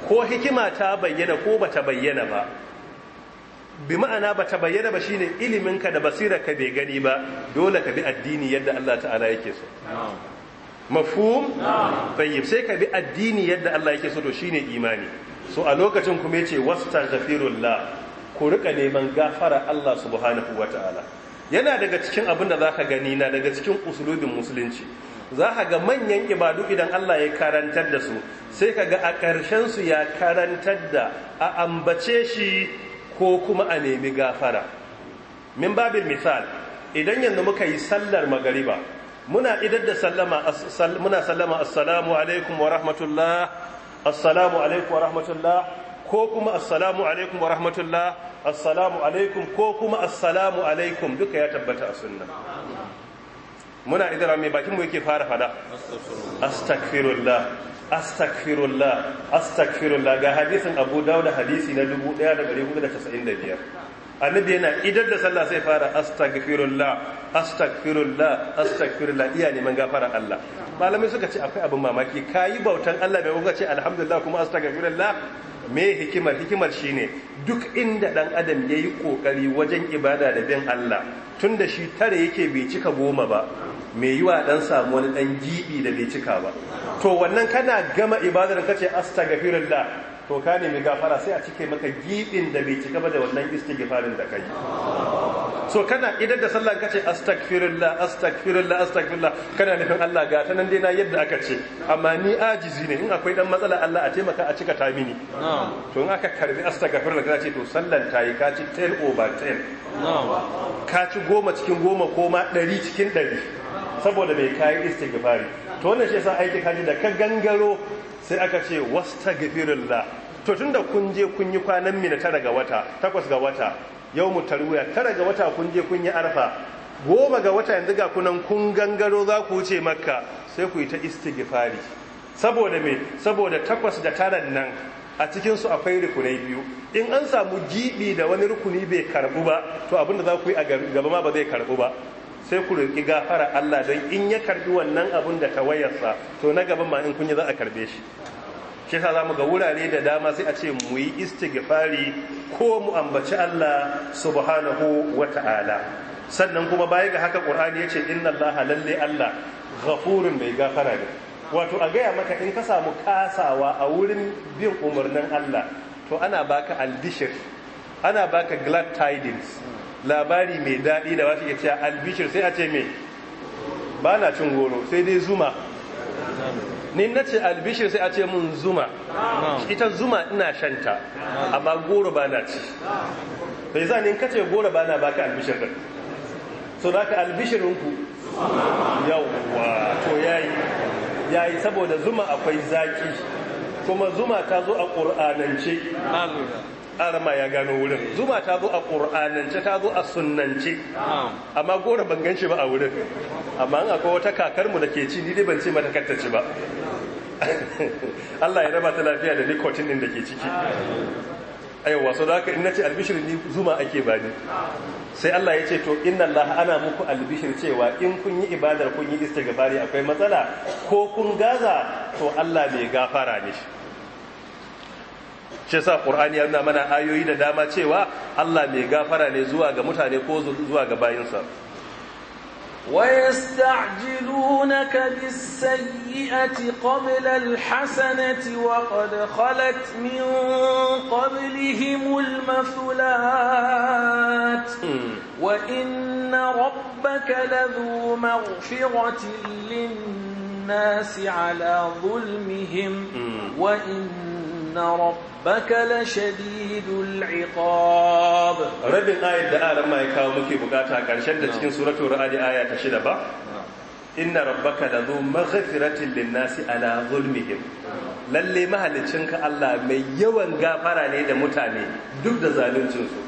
ko hikima ta bayyana ko bata bayyana ba bi ma'ana ba ta bayyana ba shine iliminka da basirarka bai gani ba dole ka bi addini yadda Allah ta'ala yake so mafhum tayyib sai ka bi addini yadda Allah yake so to shine imani so a lokacin kuma yace wastaghfirullah ku rika neman gafara Allah subhanahu wataala yana daga cikin abin da zaka gani na daga cikin usulubin musulunci zaka ga manyan ibadu idan Allah ya karantar da su sai ka ga a ƙarshen su ya karantar da a ambace shi ko kuma a nemi gafara min babin misal idan yanzu muka yi sallar magariba muna idar da sallama muna sallama assalamu alaikum wa rahmatullah assalamu alaikum wa rahmatullah ko kuma assalamu alaikum wa rahmatullah assalamu alaikum ko kuma assalamu alaikum duka ya tabbata a sunna muna idara mai bakin mu yake fara fada astaghfirullah astaghfirullah astaghfirullah ga hadisin Abu dauda hadisi na 1495 annabi yana idar da sallah sai fara astaghfirullah astaghfirullah astaghfirullah iya neman gafara Allah malamai suka ce akwai abin mamaki kayi bautan Allah bai kuka ce alhamdulillah kuma astaghfirullah me hikimar hikimar shine duk inda dan adam yayi kokari wajen ibada da bin Allah tunda shi tare yake bai cika goma ba mai yiwa dan samu wani dan gibi da bai cika ba to wannan kana gama ibadar kace astaghfirullah to ka nemi gafara sai a cike maka gibin da bai cika ba da wannan istighfarin da kai so kana idan da sallan kace astaghfirullah astaghfirullah astaghfirullah kana nufin Allah ga ta nan dai na yadda aka ce amma ni ajizi ne in akwai dan matsala Allah a taimaka a cika ta mini to in aka karbi astaghfirullah kana ce to sallan ta yi ka ci 10 over 10 ka ci goma cikin goma ko ma 100 cikin 100 saboda mai kayi istighfari to wannan shi yasa aiki kaji da ka gangaro sai aka ce wastaghfirullah to tunda kun je kun yi kwanan mina tara ga wata takwas ga wata yawmu tarwiya tara ga wata kun je kun yi arfa goma ga wata yanzu ga kunan kun gangaro za ku wuce makka sai ku yi ta istighfari saboda me saboda takwas da tara nan a cikin su akwai rukunai biyu in an samu gibi da wani rukuni bai karbu ba to abinda za ku yi a gaba ma ba zai karbu ba sai ku roki gafara Allah don in ya karbi wannan abun da ta wayarsa, to na gaban ma in kun yi za a karbe shi shi yasa zamu ga wurare da dama sai a ce mu yi istighfari ko mu ambaci Allah subhanahu wata'ala sannan kuma baya ga haka Qur'ani yace inna Allaha lalle Allah ghafurun mai gafara ne wato a gaya maka in ka samu kasawa a wurin bin umarnin Allah to ana baka albishir, ana baka glad tidings labari mai daɗi da wasu ke albishir sai a ce mai ba na cin goro sai dai zuma ni na ce albishir sai a ce mun zuma ita zuma ina shanta amma goro ba na ci bai za ni kace goro ba na baka albishir ɗin so za ka albishirinku yawwa to yayi yayi saboda zuma akwai zaki kuma zuma ta zo a ƙur'anance arama ya gano wurin zuma ta zo a ƙur'anance ta zo a sunnance amma gora ban gan shi ba a wurin amma akwai wata kakarmu da ke ci ni dai ban ce mata kar ta ba Allah ya raba ta lafiya da nikotin din da ke ciki aiwa so da ka in nace albishir ni zuma ake bani sai Allah ya ce to inna Allah ana muku albishir cewa in kun yi ibadar kun yi istighfari akwai matsala ko kun gaza to Allah mai gafara ne shi sa qur'ani ya nuna mana ayoyi da dama cewa Allah mai gafara ne zuwa ga mutane ko zuwa ga bayinsa ويستعجلونك بالسيئة قبل الحسنة وقد خلت من قبلهم المثلات وإن ربك لذو مغفرة للناس على ظلمهم وإن إن ربك لشديد العقاب رب الآية دعاء لما يكاو مكي بقاتا كان شدد cikin suratul ra'd aya ta 6 ba inna rabbaka ladhu maghfiratin lin-nasi ala zulmihim lalle mahaliccinka Allah mai yawan gafara ne da mutane duk da zaluncinsu,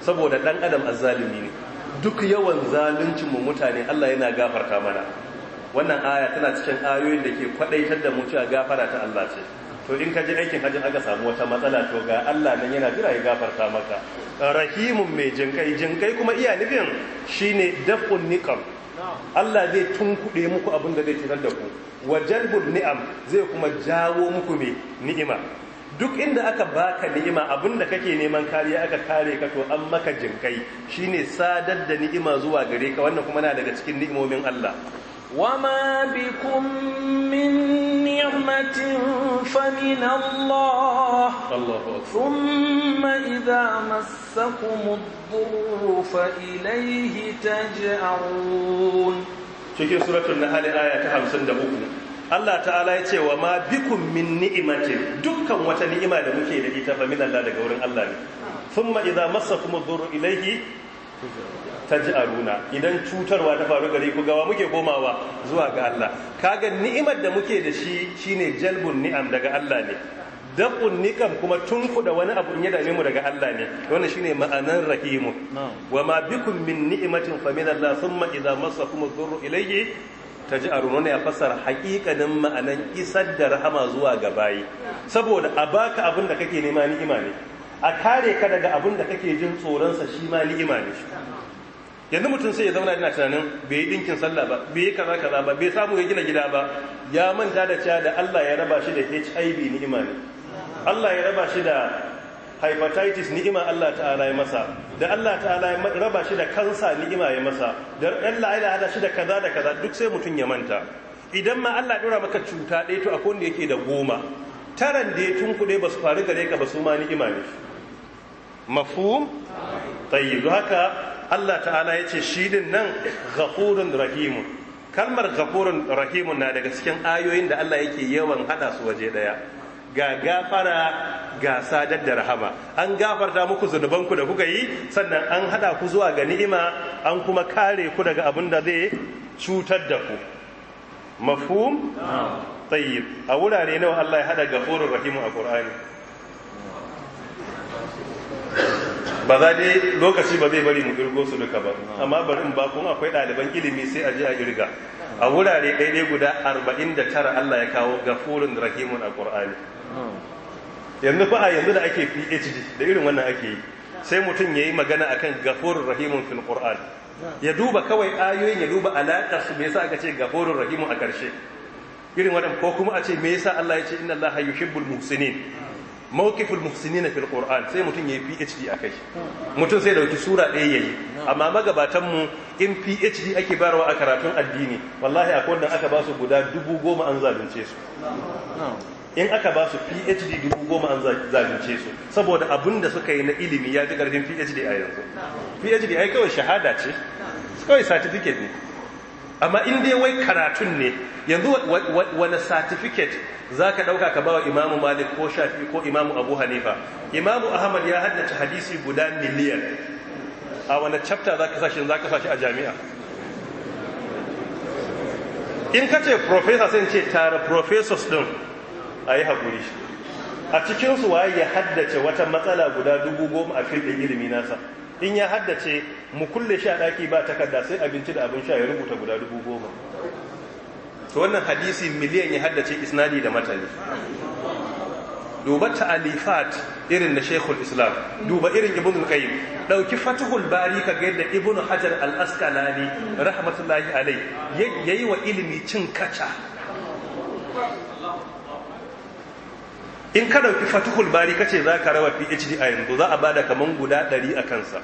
saboda ɗan adam a zalumi ne duk yawan zaluncinmu mutane Allah yana gafarta mana wannan aya tana cikin ayoyin da ke kwadaitar da mu cewa gafara ta Allah ce to in ka ji aikin hajji aka samu wata matsala to ga Allah nan yana jira ya gafarta maka rahimun mai jinkai jinkai kuma iya nufin shine daf'un niqam Allah zai tunkuɗe muku abin da zai tunar da ku wa jalbul ni'am zai kuma jawo muku mai ni'ima duk inda aka baka ni'ima abin da kake neman kariya aka kare ka to an maka jinkai shine sadar da ni'ima zuwa gare ka wannan kuma na daga cikin ni'imomin Allah وما بكم من نعمة فمن الله ثم إذا مسكم الضر فإليه تجأرون cikin suratul nahl aya ta 53 Allah ta'ala ya ce wa ma bikum min ni'matin dukkan wata ni'ima da muke da ita fa min Allah daga wurin Allah ne thumma idza massakum ad ilayhi ta ji aruna idan cutarwa ta faru gare ku gawa muke komawa zuwa ga Allah kaga ni'imar da muke da shi shine jalbun ni'am daga Allah ne Dab'un nikan kuma da wani abu in ya dame mu daga Allah ne wannan shine ma'anar rahimu wa ma bikum min ni'matin fa min Allah thumma idza massakum dhurru ilayhi taj'arun ne ya fasar hakikanin ma'anan isar da rahama zuwa ga bayi saboda a baka abin da kake nema ni'ima ne a kare ka daga abin da kake jin tsoron sa shi ma ni'ima ne yanzu mutum sai ya zauna yana tunanin bai yi dinkin sallah ba bai yi kaza kaza ba bai samu ya gina gida ba ya manta da cewa da Allah ya raba shi da HIV ni'ima ne Allah ya raba shi da hepatitis ni'ima Allah ta'ala ya masa da Allah ta'ala ya raba shi da kansa ni'ima ya masa da Allah ya hada shi da kaza da kaza duk sai mutum ya manta idan ma Allah dora maka cuta ɗaya to akwai wanda yake da goma taran da ya tunkuɗe ba su faru gare ka ba su ma ni'ima ne mafhum tayyib haka Allah ta'ala ya ce shi din nan ghafurun rahimun kalmar ghafurun rahimun na daga cikin ayoyin da Allah yake yawan hada su waje daya ga gafara ga sadar da rahama an gafarta muku zunubanku da kuka yi sannan an hada ku zuwa ga ni'ima an kuma kare ku daga abin da zai cutar da ku mafhum tayyib a wurare nawa Allah ya hada ghafurur rahimun a Qur'ani ba za dai lokaci ba zai bari mu girgo su duka ba amma barin ba kuma akwai ɗaliban ilimi sai a je a girga a wurare ɗaiɗai guda arba'in da tara Allah ya kawo gafurin rahimun a ƙur'ani yanzu fa a yanzu da ake PhD da irin wannan ake yi sai mutum ya yi magana akan gafurin rahimun fil ƙur'an ya duba kawai ayoyin ya duba alaƙar su me yasa aka ce gafurin rahimun a ƙarshe irin waɗanda ko kuma a ce me yasa Allah ya ce inna Allah yuhibbul muhsinin mawqiful muhsinina fil qur'an sai mutum ya yayi phd kai mutum sai dauki sura ɗaya yi amma magabatan mu in phd ake barawa a karatun addini wallahi akwai wanda aka ba su guda dubu goma an zalunce su in aka ba su phd dubu goma an zalunce su saboda abin da suka yi na ilimi ya ji karfin phd a yanzu phd ai kawai shahada ce kawai certificate ne amma in dai wai karatun ne yanzu wani satifiket za ka ɗauka ka bawa imamu malik ko shafi ko imamu abu hanifa imamu ahmad ya haddace hadisi guda miliyan a wani chapter za ka sashi a jami'a in ka ce professor sai ce tare professors ɗin a yi haƙuri a cikinsu waye ya haddace wata matsala guda dubu goma a filin ilimi nasa in ya haddace mu kulle shi a ɗaki ba takarda sai abinci da abin sha ya rubuta guda dubu goma to wannan hadisi miliyan ya haddace isnadi da matani duba ta'alifat irin da shekul islam duba irin ibn qayyim dauki fatuhul bari ka ga yadda ibn hajar al-asqalani rahmatullahi alai yayi wa ilimi cin kaca in ka ɗauki fatihul bari kace za ka raba phd a yanzu za a bada kaman guda ɗari a kansa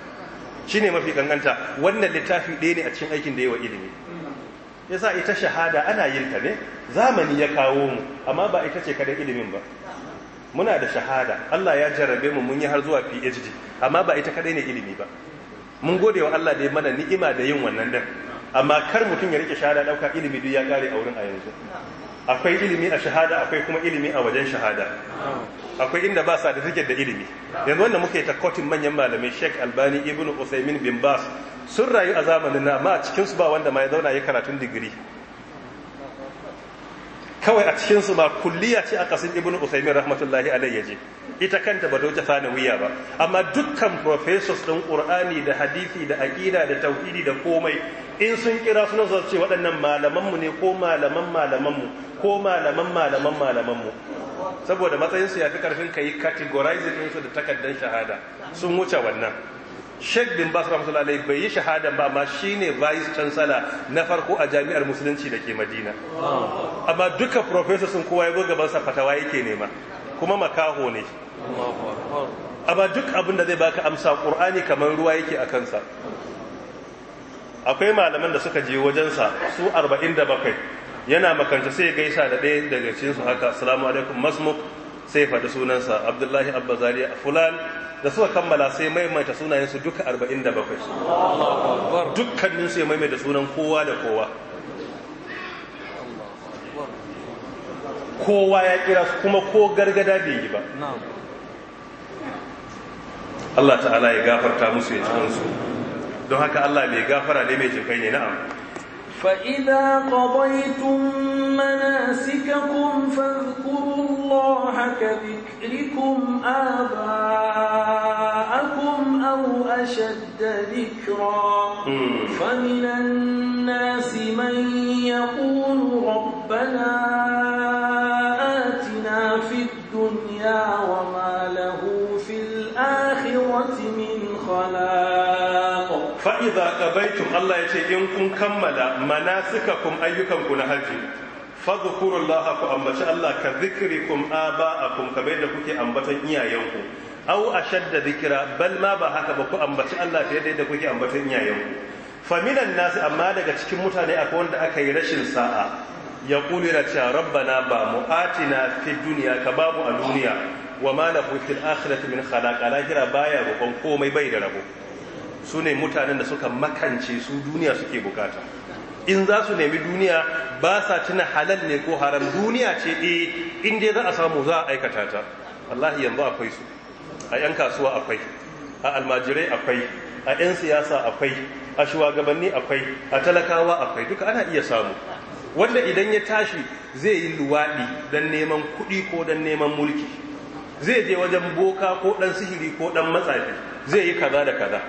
shine mafi kanganta wannan littafi ɗaya ne a cikin aikin da yawa ilimi yasa ita shahada ana yin ta ne zamani ya kawo mu amma ba ita ce kada ilimin ba muna da shahada Allah ya jarrabe mu mun yi har zuwa phd amma ba ita kadai ne ilimi ba mun gode wa Allah da ya mana ni'ima da yin wannan din amma kar mutum ya rike shahada dauka ilimi duk ya kare a wurin a yanzu akwai ilimi a shahada akwai kuma ilimi a wajen shahada akwai inda ba sa da da ilimi yanzu wanda muke ta kotin manyan malamai Sheikh Albani Ibn Usaymin bin Bas sun rayu a zamanin na amma a cikin su ba wanda ma ya zauna ya karatun digiri kawai a cikin su ma kulliya ce a kasin Ibn usaimin rahmatullahi ya je ita kanta ba dauce sanawiya ba amma dukkan professors din qur'ani da hadisi da aqida da tauhidi da komai in sun kira suna zuwa ce waɗannan malaman mu ne ko malaman malaman mu ko malaman malaman malaman mu saboda matsayin su yafi karfin kai categorizing din su da takaddan shahada sun wuce wannan sheikh bin bas rahmatullahi bai yi shahadan ba shi ne vice chancellor na farko a jami'ar musulunci da ke madina amma duka professor sun kowa ya gaban sa fatawa yake nema kuma makaho ne amma duk abin da zai baka amsa qur'ani kamar ruwa yake a kansa akwai malaman da suka je wajensa su arba'in da 47 yana makanta sai gaisa da ɗaya daga cikin haka assalamu alaikum masmuk sai faɗi sunansa abdullahi abba zariya fulan da suka kammala sai maimaita sunayensu duka arba'in 47 su ya maimaita sunan kowa da kowa kowa ya kira su kuma ko gargada bai yi ba Allah ta'ala ya gafarta musu ya cikinsu don haka Allah mai gafara ne mai jinkai ne na'am فإذا قضيتم مناسككم فاذكروا الله كذكركم آباءكم أو أشد ذكرا فمن الناس من يقول ربنا آتنا في الدنيا وما له في الآخرة من خلاق fa'iza ƙabaitun Allah ya ce in kun kammala ayyukan ayyukanku na hajji fadhkurullah ku ambaci Allah ka zikrikum aba'akum kamar da kuke ambatan iyayenku aw ashadda zikira bal ma ba haka ba ku ambaci Allah fiye da yadda kuke ambatan iyayenku fa minan nasu amma daga cikin mutane akwai wanda aka yi rashin sa'a ya qulu cewa rabbana ba mu'atina fi duniya ka babu a duniya wa ma lahu fil akhirati min khalaq lahira baya roƙon komai bai da rabo su ne mutanen da suka makance su duniya suke bukata in za su nemi duniya ba sa tuna halal ne ko haram duniya ce e eh, inda za a samu za a aikata ta wallahi yanzu akwai su a yan kasuwa akwai a almajirai akwai a yan siyasa akwai a shugabanni akwai a talakawa akwai duka ana iya samu wanda idan ya tashi zai yi luwaɗi don neman kuɗi ko don neman mulki zai je wajen boka ko ɗan sihiri ko ɗan matsafi zai yi kaza da kaza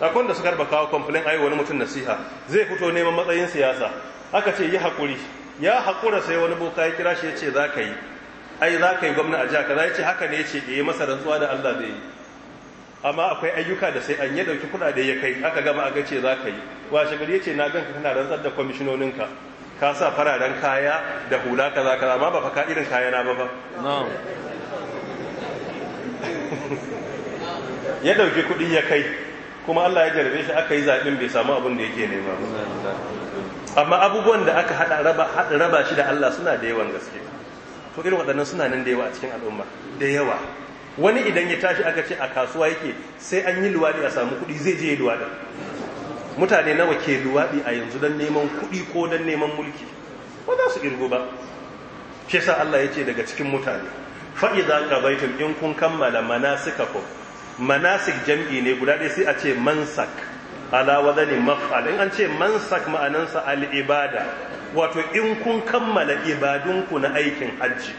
akwai da suka raba kawo complain ayi wani mutum nasiha zai fito neman matsayin siyasa aka ce yi haƙuri ya haƙura sai wani boka ya kira shi ya ce za ka yi ai za ka yi gwamna a jaka kaza ya ce haka ne ya ce ya eh, masa rantsuwa da Allah zai yi amma akwai ayyuka da sai an ya dauki kuɗaɗe ya kai aka gama aka ce za ka yi washe shagari ya ce na ganka kana rantsar da kwamishinoninka ka sa fararen kaya da hula kaza kaza amma ba fa ka irin kaya na ba ba ya ɗauki kuɗi ya kai kuma Allah ya jarabe shi aka yi zaɓin bai samu abin da yake nema ba amma abubuwan da aka haɗa raba shi da Allah suna da yawan gaske to irin waɗannan suna nan da yawa a cikin al'umma da yawa wani idan ya tashi aka ce a kasuwa yake sai an yi luwaɗi a samu kuɗi zai je luwaɗi mutane nawa ke luwaɗi a yanzu don neman kuɗi ko don neman mulki ba za su irgu ba shi yasa Allah ya ce daga cikin mutane fa'iza qabaitum in kun kammala manasikakum manasik jam'i ne guda ɗaya sai a ce mansak ala wadani maf'al in an ce mansak ma'anansa al'ibada wato in kun kammala ibadunku na aikin hajji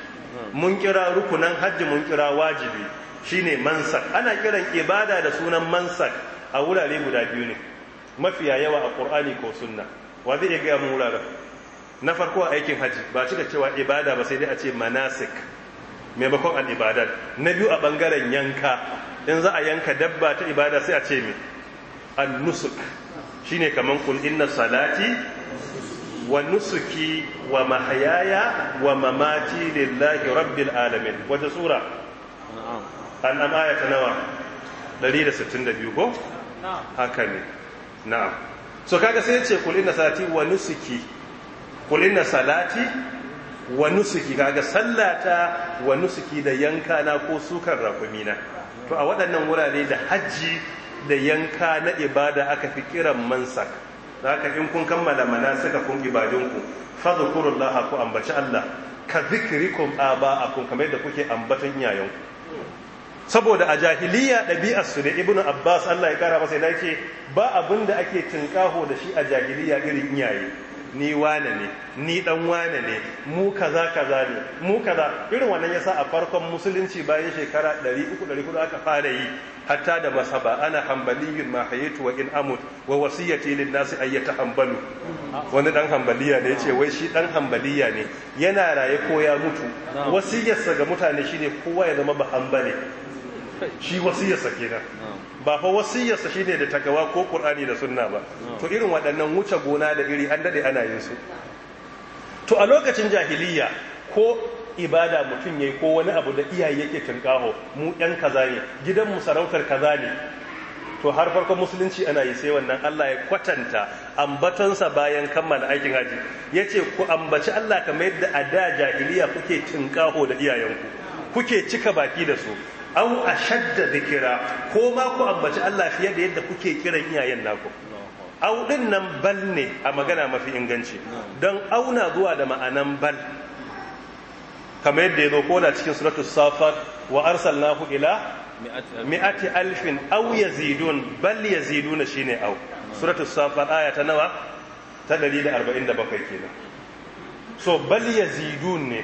mun kira rukunan hajji mun kira wajibi shine mansak ana kiran ibada da sunan mansak a wurare guda biyu ne mafiya yawa a ƙur'ani ko sunna wa zai iya gaya mun wuraren na farko a aikin hajji ba cika cewa ibada ba sai dai a ce manasik maimakon al'ibadar na biyu a ɓangaren yanka in za a yanka dabba ta ibada sai a ce mai nusuk. shi ne kamar kul inna salati wa nusuki wa mahayaya wa mamati lillahi rabbil alamin wata tsura an amaya ta nawa 162 ko? haka ne na'am so kaga sai ce kul inna salati wa nusuki kul inna salati wa nusuki kaga sallata wa nusuki da yanka na ko sukan rakumina na to a waɗannan wurare da hajji da yanka na ibada aka fi kiran mansak da haka in kun kammala mana suka kun ibadunku fadhkurullaha ku ambaci Allah ka a kun kamar da kuke ambatan yayanku saboda a jahiliya ɗabi'ar su da Ibn abbas Allah ya kara masa yana ce ba abin da ake tinkaho da shi a jahiliya irin iyaye ni wane ne ni dan wane ne mu kaza kaza ne mu kaza irin wannan yasa a farkon musulunci bayan shekara 300-400 aka fara yi hatta da masaba ana hambaliyyun ma hayatu wa in amut wa wasiyati lin nasi ayyata yatahambalu wani dan hambaliya ne yace wai shi dan hambaliya ne yana raye ko ya mutu wasiyarsa ga mutane shine kowa ya zama ba hanbali shi wasiyarsa kenan ba fa wasiyarsa shine da tagawa ko qur'ani da sunna ba to irin waɗannan wuce gona da iri an dade ana yin su to a lokacin jahiliya ko ibada mutum yayi ko wani abu da iyaye yake tunkaho mu ɗan kaza ne gidan mu sarautar kaza ne to har farkon musulunci ana yi sai wannan Allah ya kwatanta ambatonsa bayan kammala aikin haji ce ku ambaci Allah kamar yadda a da jahiliya kuke tunkaho da iyayenku kuke cika baki da su au a ashadda zikira, ko ma ku ambaci Allah fiye da yadda kuke kiran iyayen naku au din nan bal ne a magana mafi inganci don auna zuwa da ma'anan bal kamar yadda ya zo na cikin suratu safar wa arsal arsalnahu ila mi'ati alfin au yazidun bal yaziduna ne au suratu safar aya ta nawa ta 147 kenan so bal yazidun ne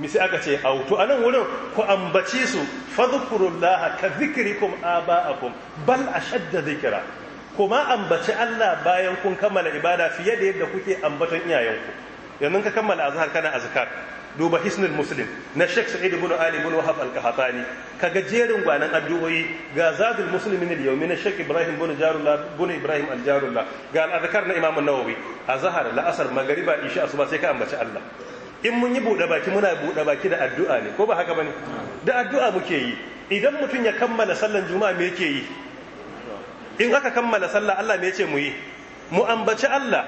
misi aka ce auto a nan wurin ku ambaci su fadhkurullaha ka zikrikum aba'akum bal ashadda zikira kuma ambaci Allah bayan kun kammala ibada fiye da yadda kuke ambaton iyayenku yanzu ka kammala azhar kana azkar duba hisnul muslim na Sheikh Sa'id ibn Ali ibn Wahab al-Qahtani kaga jerin gwanan addu'o'i ga zadul muslimin al-yawmi na Sheikh Ibrahim ibn Jarullah ibn Ibrahim al-Jarullah ga al-azkar na Imam an-Nawawi azhar la'asar magriba isha asuba sai ka ambaci Allah in mun yi buɗe baki muna buɗe baki da addu'a ne ko ba haka ba ne da addu'a muke yi idan mutum ya kammala sallan juma'a me yake yi in aka kammala sallah Allah me ce mu yi mu ambaci Allah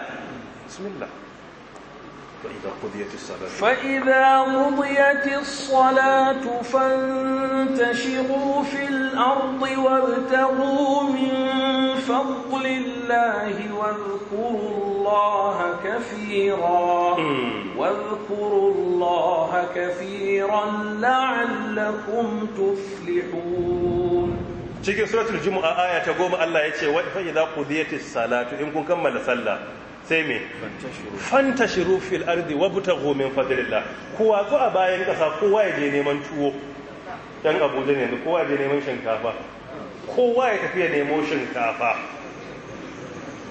bismillah فإذا قضيت الصلاة فإذا قضيت الصلاة فانتشروا في الأرض وابتغوا من فضل الله واذكروا الله كثيرا واذكروا الله كثيرا لعلكم تفلحون cikin suratul jumu'a aya ta goma Allah ya ce wa fa idza qudiyatis salatu in kun kammala sallah sai me fanta fil ardi wabuta min fadlillah kowa zo a bayan kasa kowa ya je neman tuwo dan abuja ne kowa ya je neman shinkafa kowa ya tafiya ya nemo shinkafa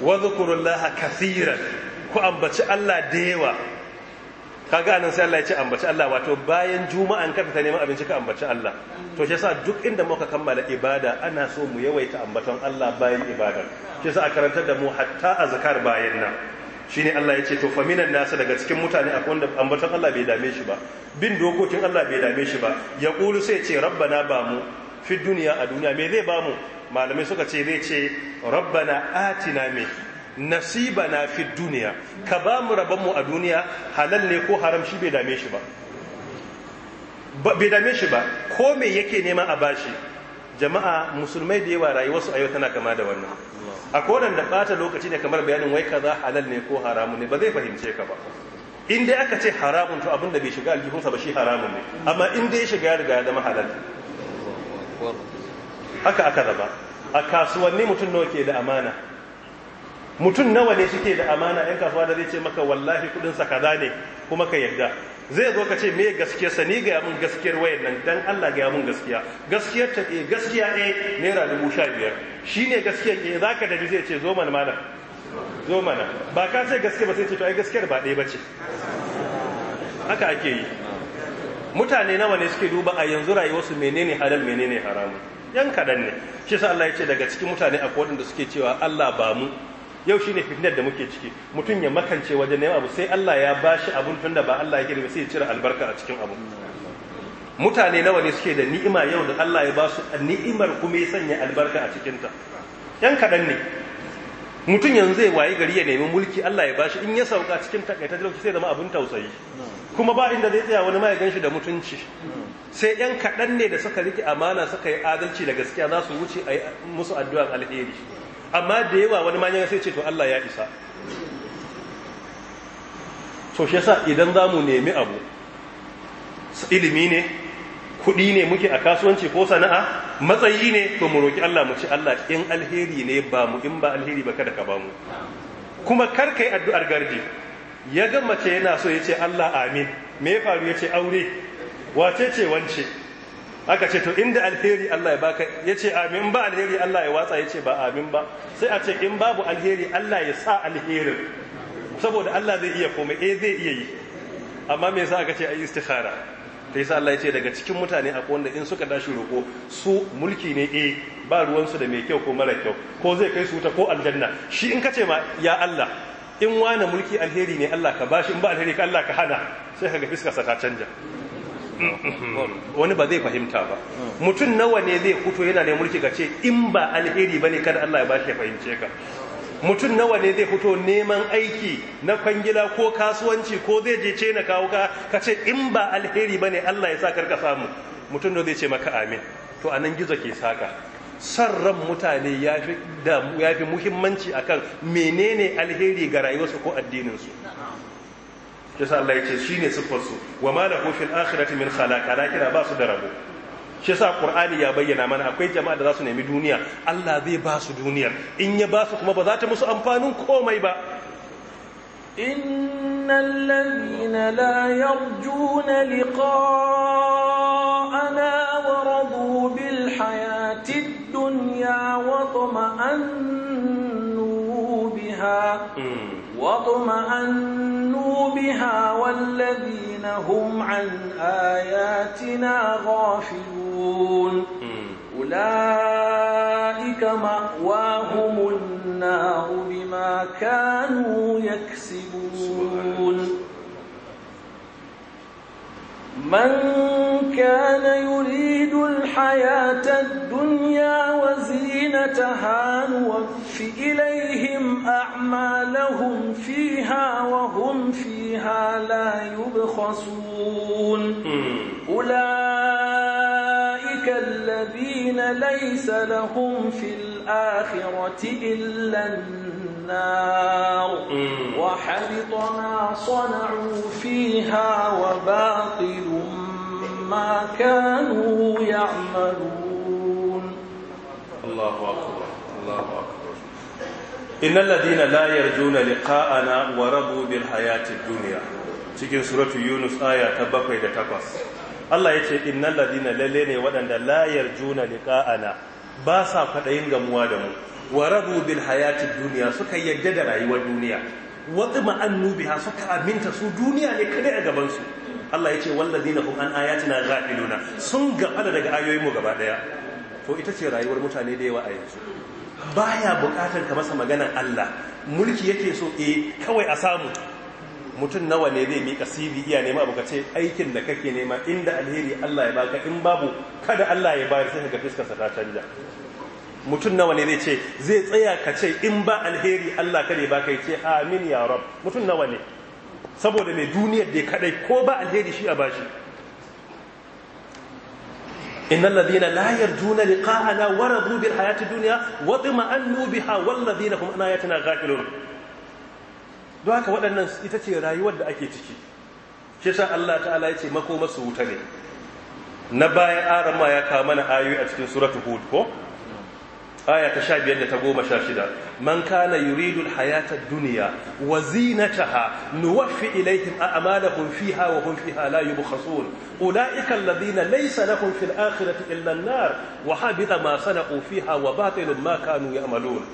wadhkurullaha kasira ku ambaci Allah da yawa kaga anan sai Allah ya ce ambaci Allah wato bayan juma'an ka ta neman abinci ka ambaci Allah to shi yasa duk inda muka kammala ibada ana so mu yawaita ambaton Allah bayan ibada shi yasa a karantar da mu hatta azkar bayan nan shine Allah ya ce to faminan nasa daga cikin mutane akwai wanda ambaton Allah bai dame shi ba bin dokokin Allah bai dame shi ba ya kulu sai ce rabbana ba mu fi duniya a duniya me zai ba mu malamai suka ce zai ce rabbana atina me nasiba na fi duniya ka ba mu rabanmu a duniya halal ne ko haram shi bai dame shi ba bai dame shi ba ko me yake nema a bashi jama'a musulmai da yawa rayuwarsu a yau tana kama da wannan a kodan da bata lokaci ne kamar bayanin wai kaza halal ne ko haramun ne ba zai fahimce ka ba in dai aka ce haramun to abin bai shiga aljihunsa ba shi haramun ne amma in ya shiga ya riga ya zama halal haka aka raba a kasuwanni mutum nawa ke da amana mutum nawa ne suke da amana yan kasuwa da zai ce maka wallahi kudin sa kaza ne kuma ka yarda zai zo ka ce me gaskiyar sa ni ga mun gaskiyar wayan nan dan Allah ga mun gaskiya gaskiyar ta eh gaskiya eh naira dubu sha Shi shine gaskiyar eh, za zaka dabi zai ce zo mana mana zo mana ba ka ce gaskiya ba sai ce to ai gaskiyar ba ɗaya bace haka ake yi mutane nawa ne suke duba a yanzu rayuwarsu menene halal menene haramu yan kadan ne shi sa Allah ya ce daga cikin mutane akwai wanda suke cewa Allah ba mu yau shi ne fitnar da muke ciki mutum ya makance wajen neman abu sai Allah ya bashi abun tun da ba Allah ya girbe sai ya cire albarka a cikin abu mutane nawa ne suke da ni'ima yau da Allah ya ba su ni'imar kuma ya sanya albarka a cikinta yan kaɗan ne mutum yanzu zai wayi gari ya nemi mulki Allah ya bashi in ya sauka cikin ta takaita dauki sai zama abun tausayi kuma ba inda zai tsaya wani ma ya ganshi da mutunci sai yan kaɗan ne da suka riki amana suka yi adalci da gaskiya za su wuce a musu addu'ar alheri amma da yawa wani ma ya sai ce to Allah ya isa so shi yasa idan za mu nemi abu ilimi ne kuɗi ne muke a kasuwanci ko sana'a matsayi ne to mu roƙi Allah mu ci Allah in alheri ne ba mu in ba alheri ba kada ka ba mu kuma kar kai addu'ar gardi ya ga mace yana so ya ce Allah amin me ya faru ya ce aure wace ce wance aka ce to inda alheri Allah ya baka ya ce amin ba alheri Allah ya watsa ya ce ba amin ba sai a ce in babu alheri Allah ya sa alherin saboda Allah zai iya komai eh zai iya yi amma me yasa aka ce ayi istikhara ta yasa Allah ya ce daga cikin mutane akwai wanda in suka dashi roko su mulki ne eh ba ruwansu da mai kyau ko mara kyau ko zai kai su ta ko aljanna shi in ka ce ma ya Allah in wani mulki alheri ne Allah ka bashi in ba alheri ka Allah ka hana sai kaga fiska sa ta canja wani ba zai fahimta ba mutum nawa ne zai fito yana da mulki ga ce in ba alheri ba ne kada Allah ya ba shi fahimce ka mutum nawa ne zai fito neman aiki na kwangila ko kasuwanci ko zai je ce na kawo ka ka ce in ba alheri ba ne Allah ya sa ka samu mutum da zai ce maka amin to a nan gizo ke saka san ran mutane ya fi muhimmanci akan menene alheri ga rayuwarsu ko addininsu yasa Allah ya ce shine ne su wa ma lahu fil akhirati min khalaq kira ba su da rabo shi yasa qur'ani ya bayyana mana akwai jama'a da za su nemi duniya Allah zai ba su duniyar in ya ba su kuma ba za ta musu amfanin komai ba innal ladina la yarjuna liqa'ana wa radu bil hayati dunya wa tuma'annu biha hmm. واطمأنوا بها والذين هم عن آياتنا غافلون أولئك مأواهم النار بما كانوا يكسبون من كان يريد الحياة الدنيا وزينتها نوف إليهم أعمالهم فيها وهم فيها لا يبخسون أولئك الذين ليس لهم في الآخرة إلا النار وحبط ما صنعوا فيها وباطل ما ما كانوا يعملون الله أكبر الله أكبر إن الذين لا يرجون لقاءنا ورضوا بالحياة الدنيا cikin suratu yunus aya ta bakwai da takwas Allah ya ce innan ladina lalle ne waɗanda layar juna liƙa'ana ba sa kwaɗayin gamuwa da mu wa rabu bil hayati duniya suka yadda da rayuwar duniya wa ma'annu suka aminta su duniya ne kada a gabansu Allah ya ce wallazina hum an ayatina ghafiluna sun gafala daga ayoyin mu gaba daya to ita ce rayuwar mutane da yawa a yanzu baya bukatar ka masa maganar Allah mulki yake so e kawai a samu mutum nawa ne zai mika CV iya nema abu kace aikin da kake nema inda alheri Allah ya baka in babu kada Allah ya bayar sai ka fiska sa ta canja mutum nawa ne zai ce zai tsaya ka ce in ba alheri Allah kare baka yace amin ya rab mutum nawa ne saboda mai duniyar da ya kaɗai, ko ba alheri shi a bashi إن wara لا يرجون duniya, ورضوا بالحياة nubi وطمأنوا بها kuma هم عن آياتنا غافلون don haka waɗannan ita ce rayuwar da ake ciki shi sa Allah ta'ala ya ce makomarsu wuta ne na baya arama ya kawo mana ayoyi a cikin suratu hud ko aya ta sha biyar da ta goma sha shida man kana yuridul hayata duniya wa zinataha a ilayhim a'malahum fiha wa hum fiha la ula'ikan ulaika laisa na lahum fil akhirati illa nar wa habita ma fi fiha wa batilun ma kanu amalun.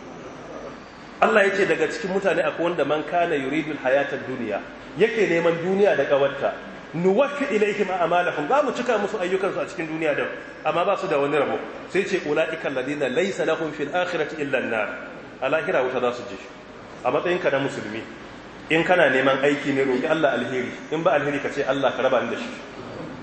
Allah ce daga cikin mutane akwai wanda man kana yuridul hayata duniya yake neman duniya da kawarta nuwaffi ilaihim a'malahum za mu cika musu ayyukansu a cikin duniya da amma ba su da wani rabo sai ce ulaiikal ladina laysa lahum fil akhirati illa an-nar alahira wuta za su ji a matsayin ka na musulmi in kana neman aiki ne roki Allah alheri in ba alheri ka ce Allah ka raba ni da shi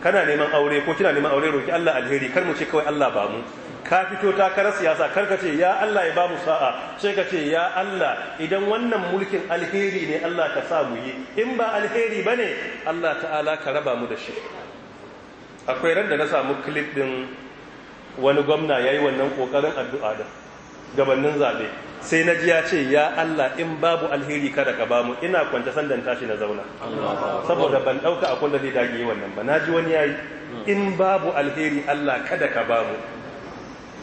kana neman aure ko kina neman aure roki Allah alheri kar mu ce kawai Allah ba mu ka fito takarar siyasa kar ka ce ya Allah ya ba sa'a sai ka ce ya Allah idan wannan mulkin alheri ne Allah ka sa mu yi in ba alheri bane Allah ta'ala ka raba mu da shi akwai ran da na samu clip din wani gwamna yayi wannan kokarin addu'a da gabanin zabe sai na ji ya ce ya Allah in babu alheri kada ka ba mu ina kwanta sandan tashi na zauna saboda ban dauka akwai da zai dage wannan ba na ji wani yayi in babu alheri Allah kada ka ba mu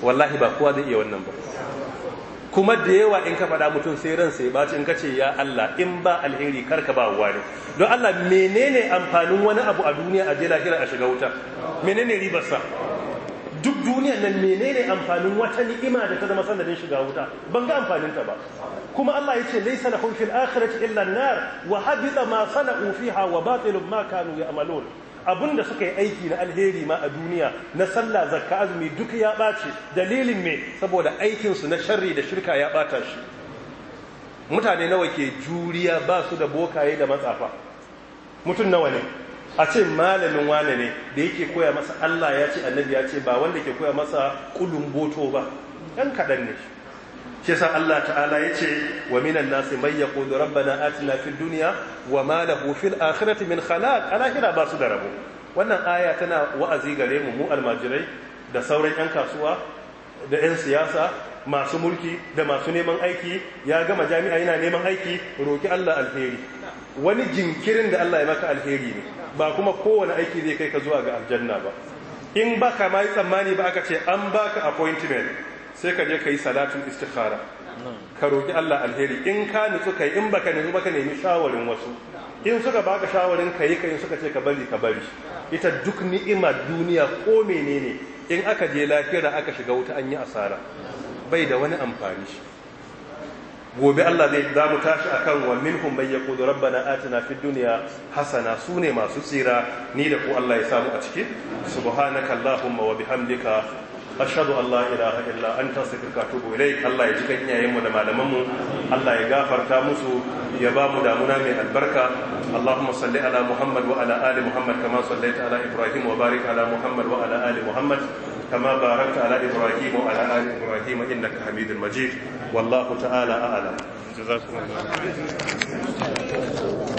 wallahi ba kowa zai iya wannan ba kuma da yawa in ka faɗa mutum sai ransa ya baci in ka ce ya Allah in ba alheri karka ba wani don Allah menene amfanin wani abu a duniya a je lahira a shiga wuta menene ribarsa duk duniyan nan menene amfanin wata ni'ima da ta zama sanadin shiga wuta ban ga amfanin ta ba kuma Allah ya ce laysa lahum fil akhirati illa an-nar wa habita ma sana'u fiha wa batilu ma kanu ya'malun abun da suka yi aiki na alheri ma a duniya na sallah zakka azumi duk ya ɓace dalilin me saboda aikinsu na sharri da shirka ya ɓata shi mutane nawa ke juriya ba su da bokaye da matsafa mutum nawa ne a ce malamin wane ne da yake koya masa Allah ya ce annabi ya ce ba wanda ke koya masa kulun boto ba ɗan kaɗan ne shi yasa Allah ta'ala ya ce wa minan nasi may yaqulu rabbana atina fil duniya wa ma da hufin akhirati min khalaq alahira ba su da rabo wannan aya tana wa'azi gare mu mu almajirai da sauran yan kasuwa da yan siyasa masu mulki da masu neman aiki ya gama jami'a yana neman aiki roki Allah alheri wani jinkirin da Allah ya maka alheri ne ba kuma kowane aiki zai kai ka zuwa ga aljanna ba in baka yi tsammani ba aka ce an baka appointment sai ka je ka yi salatin istikhara ka roƙi Allah alheri in ka nutsu yi in baka nutsu baka nemi shawarin wasu in suka baka shawarin ka yi yi suka ce ka bari ka bari ita duk ni'ima duniya ko menene in aka je da aka shiga wuta an yi asara bai da wani amfani shi gobe Allah zai za mu tashi akan wa minhum rabba yaqulu rabbana atina fid dunya hasana sune masu tsira ni da ku Allah ya samu a ciki subhanakallahumma wa bihamdika ashhadu allah la ilaha illa anta astaghfiruka wa atubu ilaik Allah ya jikan iyayenmu da malamanmu Allah ya gafarta musu ya ba mu damuna mai albarka Allahumma salli ala Muhammad wa ala ali Muhammad kama sallaita ala Ibrahim wa barik ala Muhammad wa ala ali Muhammad kama كما ala على wa ala ali إبراهيم إنك حميد مجيد والله تعالى أعلم جزاكم الله